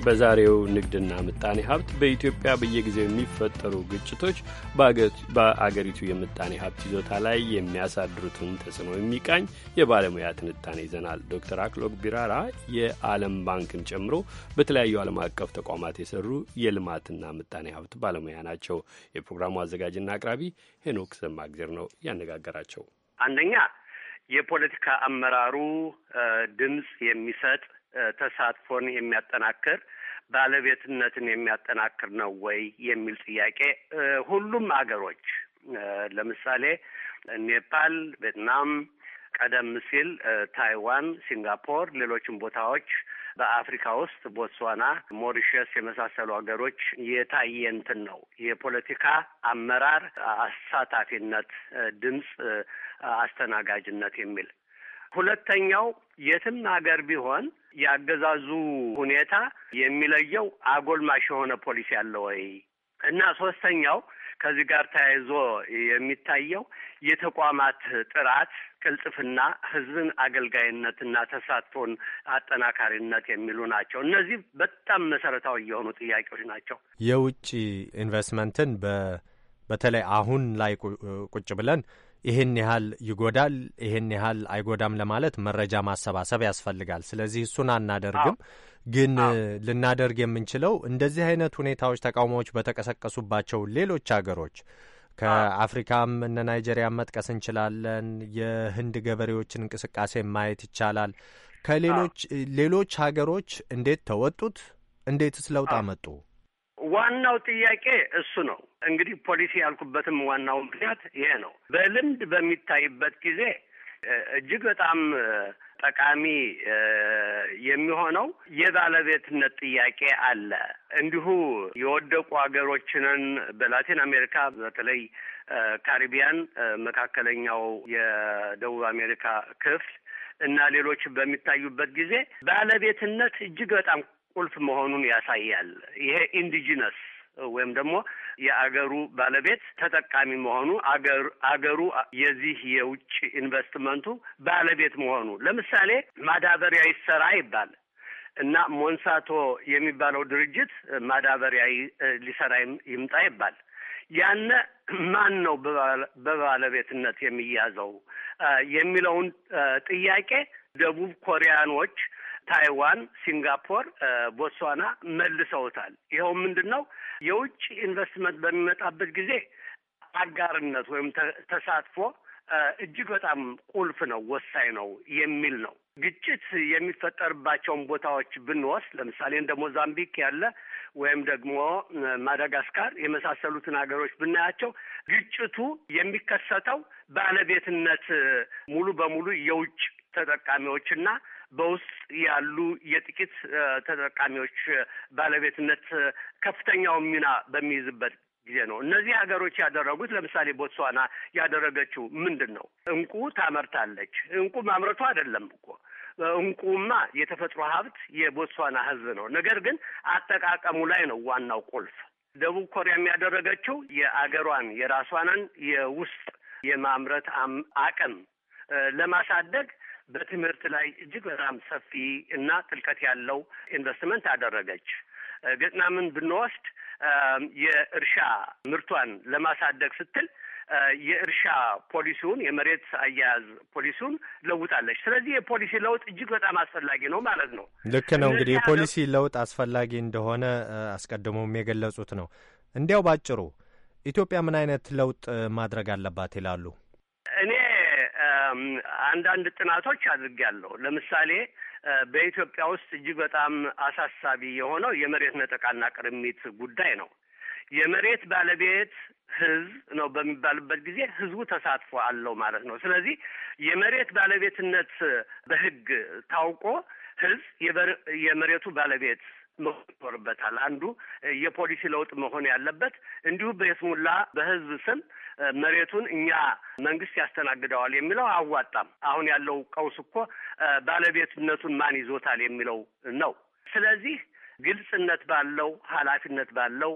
Speaker 1: በዛሬው ንግድና ምጣኔ ሀብት በኢትዮጵያ በየጊዜው የሚፈጠሩ ግጭቶች በአገሪቱ የምጣኔ ሀብት ይዞታ ላይ የሚያሳድሩትን ተጽዕኖ የሚቃኝ የባለሙያ ትንታኔ ይዘናል። ዶክተር አክሎግ ቢራራ የዓለም ባንክን ጨምሮ በተለያዩ ዓለም አቀፍ ተቋማት የሰሩ የልማትና ምጣኔ ሀብት ባለሙያ ናቸው። የፕሮግራሙ አዘጋጅና አቅራቢ ሄኖክ ዘማግዜር ነው ያነጋገራቸው።
Speaker 13: አንደኛ የፖለቲካ አመራሩ ድምፅ የሚሰጥ ተሳትፎን የሚያጠናክር ባለቤትነትን የሚያጠናክር ነው ወይ የሚል ጥያቄ ሁሉም አገሮች ለምሳሌ ኔፓል፣ ቬትናም፣ ቀደም ሲል ታይዋን፣ ሲንጋፖር፣ ሌሎችም ቦታዎች በአፍሪካ ውስጥ ቦትስዋና፣ ሞሪሸስ የመሳሰሉ ሀገሮች የታየ እንትን ነው የፖለቲካ አመራር አሳታፊነት፣ ድምፅ አስተናጋጅነት የሚል ሁለተኛው የትም ሀገር ቢሆን የአገዛዙ ሁኔታ የሚለየው አጎልማሽ የሆነ ፖሊሲ አለ ወይ እና ሶስተኛው ከዚህ ጋር ተያይዞ የሚታየው የተቋማት ጥራት፣ ቅልጥፍና፣ ህዝብን አገልጋይነትና ተሳትፎን አጠናካሪነት የሚሉ ናቸው። እነዚህ በጣም መሰረታዊ የሆኑ ጥያቄዎች ናቸው።
Speaker 14: የውጭ ኢንቨስትመንትን በተለይ አሁን ላይ ቁጭ ብለን ይህን ያህል ይጎዳል፣ ይህን ያህል አይጎዳም ለማለት መረጃ ማሰባሰብ ያስፈልጋል። ስለዚህ እሱን አናደርግም። ግን ልናደርግ የምንችለው እንደዚህ አይነት ሁኔታዎች፣ ተቃውሞዎች በተቀሰቀሱባቸው ሌሎች አገሮች ከአፍሪካም እነ ናይጄሪያን መጥቀስ እንችላለን። የህንድ ገበሬዎችን እንቅስቃሴ ማየት ይቻላል። ከሌሎች ሌሎች ሀገሮች እንዴት ተወጡት? እንዴትስ ለውጥ አመጡ?
Speaker 13: ዋናው ጥያቄ እሱ ነው። እንግዲህ ፖሊሲ ያልኩበትም ዋናው ምክንያት ይሄ ነው። በልምድ በሚታይበት ጊዜ እጅግ በጣም ጠቃሚ የሚሆነው የባለቤትነት ጥያቄ አለ። እንዲሁ የወደቁ ሀገሮችንን በላቲን አሜሪካ በተለይ ካሪቢያን፣ መካከለኛው የደቡብ አሜሪካ ክፍል እና ሌሎች በሚታዩበት ጊዜ ባለቤትነት እጅግ በጣም ቁልፍ መሆኑን ያሳያል። ይሄ ኢንዲጂነስ ወይም ደግሞ የአገሩ ባለቤት ተጠቃሚ መሆኑ አገር አገሩ የዚህ የውጭ ኢንቨስትመንቱ ባለቤት መሆኑ ለምሳሌ ማዳበሪያ ይሰራ ይባል እና ሞንሳቶ የሚባለው ድርጅት ማዳበሪያ ሊሰራ ይምጣ ይባል ያነ ማን ነው በባለቤትነት የሚያዘው የሚለውን ጥያቄ ደቡብ ኮሪያኖች ታይዋን፣ ሲንጋፖር፣ ቦትስዋና መልሰውታል። ይኸው ምንድን ነው የውጭ ኢንቨስትመንት በሚመጣበት ጊዜ አጋርነት ወይም ተሳትፎ እጅግ በጣም ቁልፍ ነው፣ ወሳኝ ነው የሚል ነው። ግጭት የሚፈጠርባቸውን ቦታዎች ብንወስድ ለምሳሌ እንደ ሞዛምቢክ ያለ ወይም ደግሞ ማዳጋስካር የመሳሰሉትን ሀገሮች ብናያቸው ግጭቱ የሚከሰተው ባለቤትነት ሙሉ በሙሉ የውጭ ተጠቃሚዎችና በውስጥ ያሉ የጥቂት ተጠቃሚዎች ባለቤትነት ከፍተኛውን ሚና በሚይዝበት ጊዜ ነው። እነዚህ ሀገሮች ያደረጉት ለምሳሌ ቦትስዋና ያደረገችው ምንድን ነው? እንቁ ታመርታለች። እንቁ ማምረቱ አይደለም እኮ እንቁማ የተፈጥሮ ሀብት የቦትስዋና ሕዝብ ነው። ነገር ግን አጠቃቀሙ ላይ ነው ዋናው ቁልፍ። ደቡብ ኮሪያም ያደረገችው የአገሯን የራሷንን የውስጥ የማምረት አቅም ለማሳደግ በትምህርት ላይ እጅግ በጣም ሰፊ እና ጥልቀት ያለው ኢንቨስትመንት አደረገች። ቪየትናምን ብንወስድ የእርሻ ምርቷን ለማሳደግ ስትል የእርሻ ፖሊሲውን የመሬት አያያዝ ፖሊሲውን ለውጣለች። ስለዚህ የፖሊሲ ለውጥ እጅግ በጣም አስፈላጊ ነው ማለት ነው። ልክ ነው። እንግዲህ የፖሊሲ
Speaker 14: ለውጥ አስፈላጊ እንደሆነ አስቀድሞም የገለጹት ነው። እንዲያው ባጭሩ ኢትዮጵያ ምን አይነት ለውጥ ማድረግ አለባት ይላሉ?
Speaker 13: አንዳንድ ጥናቶች አድርጌያለሁ። ለምሳሌ በኢትዮጵያ ውስጥ እጅግ በጣም አሳሳቢ የሆነው የመሬት ነጠቃና ቅርሚት ጉዳይ ነው። የመሬት ባለቤት ህዝብ ነው በሚባልበት ጊዜ ህዝቡ ተሳትፎ አለው ማለት ነው። ስለዚህ የመሬት ባለቤትነት በህግ ታውቆ ህዝብ የመሬቱ ባለቤት መሆን ይኖርበታል። አንዱ የፖሊሲ ለውጥ መሆን ያለበት እንዲሁም በየስሙላ በህዝብ ስም መሬቱን እኛ መንግስት ያስተናግደዋል የሚለው አዋጣም። አሁን ያለው ቀውስ እኮ ባለቤትነቱን ማን ይዞታል የሚለው ነው። ስለዚህ ግልጽነት ባለው ኃላፊነት ባለው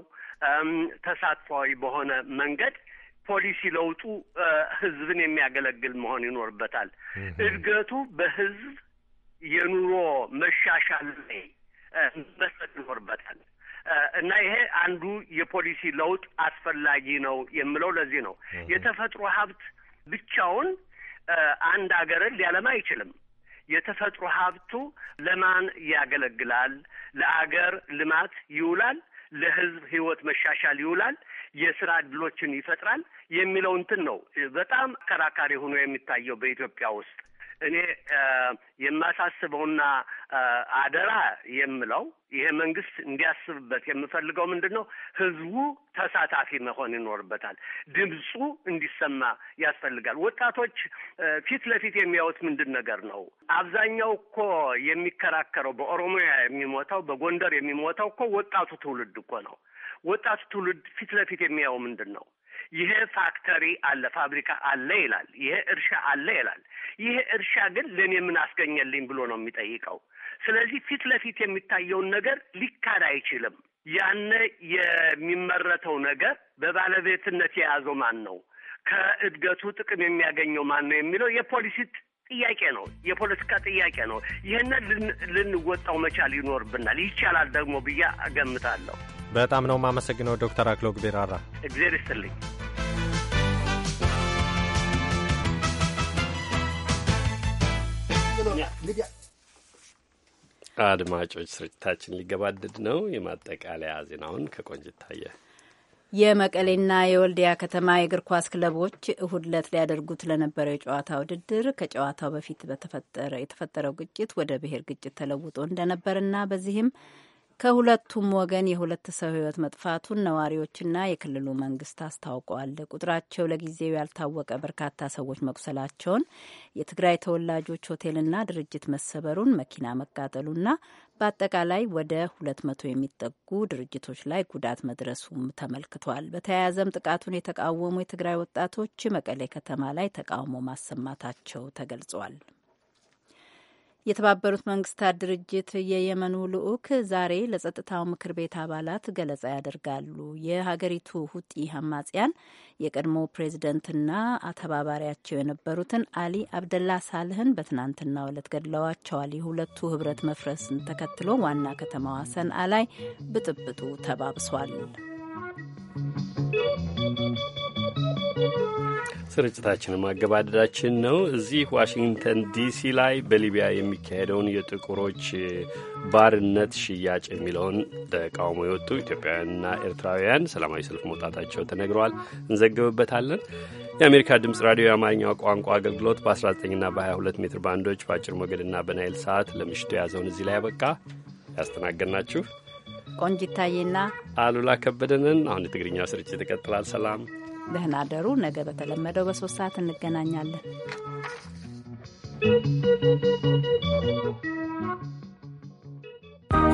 Speaker 13: ተሳትፏዊ በሆነ መንገድ ፖሊሲ ለውጡ ህዝብን የሚያገለግል መሆን ይኖርበታል። እድገቱ በህዝብ የኑሮ መሻሻል ላይ መስጠት ይኖርበታል። እና ይሄ አንዱ የፖሊሲ ለውጥ አስፈላጊ ነው የምለው ለዚህ ነው። የተፈጥሮ ሀብት ብቻውን አንድ አገርን ሊያለማ አይችልም። የተፈጥሮ ሀብቱ ለማን ያገለግላል? ለአገር ልማት ይውላል፣ ለህዝብ ህይወት መሻሻል ይውላል፣ የስራ እድሎችን ይፈጥራል የሚለው እንትን ነው በጣም አከራካሪ ሆኖ የሚታየው በኢትዮጵያ ውስጥ እኔ የማሳስበውና አደራ የምለው ይሄ መንግስት እንዲያስብበት የምፈልገው ምንድን ነው፣ ህዝቡ ተሳታፊ መሆን ይኖርበታል። ድምፁ እንዲሰማ ያስፈልጋል። ወጣቶች ፊት ለፊት የሚያዩት ምንድን ነገር ነው? አብዛኛው እኮ የሚከራከረው በኦሮሚያ የሚሞተው በጎንደር የሚሞተው እኮ ወጣቱ ትውልድ እኮ ነው። ወጣቱ ትውልድ ፊት ለፊት የሚያየው ምንድን ነው? ይሄ ፋክተሪ አለ፣ ፋብሪካ አለ ይላል። ይሄ እርሻ አለ ይላል። ይሄ እርሻ ግን ለእኔ ምን አስገኘልኝ ብሎ ነው የሚጠይቀው። ስለዚህ ፊት ለፊት የሚታየውን ነገር ሊካድ አይችልም። ያነ የሚመረተው ነገር በባለቤትነት የያዘው ማን ነው? ከእድገቱ ጥቅም የሚያገኘው ማን ነው? የሚለው የፖሊሲ ጥያቄ ነው። የፖለቲካ ጥያቄ ነው። ይህንን ልንወጣው መቻል ይኖርብናል። ይቻላል ደግሞ ብዬ እገምታለሁ።
Speaker 14: በጣም ነው የማመሰግነው ዶክተር አክሎግ ቢራራ
Speaker 1: እግዜር ይስጥልኝ። አድማጮች ስርጭታችን ሊገባደድ ነው። የማጠቃለያ ዜናውን ከቆንጅት ታየ
Speaker 3: የመቀሌና የወልዲያ ከተማ የእግር ኳስ ክለቦች እሁድ ዕለት ሊያደርጉት ለነበረው የጨዋታ ውድድር ከጨዋታው በፊት የተፈጠረው ግጭት ወደ ብሔር ግጭት ተለውጦ እንደነበርና በዚህም ከሁለቱም ወገን የሁለት ሰው ህይወት መጥፋቱን ነዋሪዎችና የክልሉ መንግስት አስታውቀዋል። ቁጥራቸው ለጊዜው ያልታወቀ በርካታ ሰዎች መቁሰላቸውን፣ የትግራይ ተወላጆች ሆቴልና ድርጅት መሰበሩን፣ መኪና መቃጠሉና በአጠቃላይ ወደ ሁለት መቶ የሚጠጉ ድርጅቶች ላይ ጉዳት መድረሱም ተመልክቷል። በተያያዘም ጥቃቱን የተቃወሙ የትግራይ ወጣቶች መቀሌ ከተማ ላይ ተቃውሞ ማሰማታቸው ተገልጿል። የተባበሩት መንግስታት ድርጅት የየመኑ ልዑክ ዛሬ ለጸጥታው ምክር ቤት አባላት ገለጻ ያደርጋሉ። የሀገሪቱ ሁጢ አማጽያን የቀድሞ ፕሬዝደንትና አተባባሪያቸው የነበሩትን አሊ አብደላ ሳልህን በትናንትናው ዕለት ገድለዋቸዋል። የሁለቱ ህብረት መፍረስን ተከትሎ ዋና ከተማዋ ሰንዓ ላይ ብጥብጡ ተባብሷል።
Speaker 1: ስርጭታችንን ማገባደዳችን ነው። እዚህ ዋሽንግተን ዲሲ ላይ በሊቢያ የሚካሄደውን የጥቁሮች ባርነት ሽያጭ የሚለውን ተቃውሞ የወጡ ኢትዮጵያውያንና ኤርትራውያን ሰላማዊ ሰልፍ መውጣታቸው ተነግረዋል። እንዘግብበታለን። የአሜሪካ ድምፅ ራዲዮ የአማርኛ ቋንቋ አገልግሎት በ19ና በ22 ሜትር ባንዶች በአጭር ሞገድና በናይል ሰዓት ለምሽቱ የያዘውን እዚህ ላይ ያበቃ። ያስተናገድናችሁ
Speaker 3: ቆንጂታዬና
Speaker 1: አሉላ ከበደንን። አሁን የትግርኛው ስርጭት ይቀጥላል። ሰላም
Speaker 3: ደህና ደሩ። ነገ በተለመደው በሶስት ሰዓት እንገናኛለን።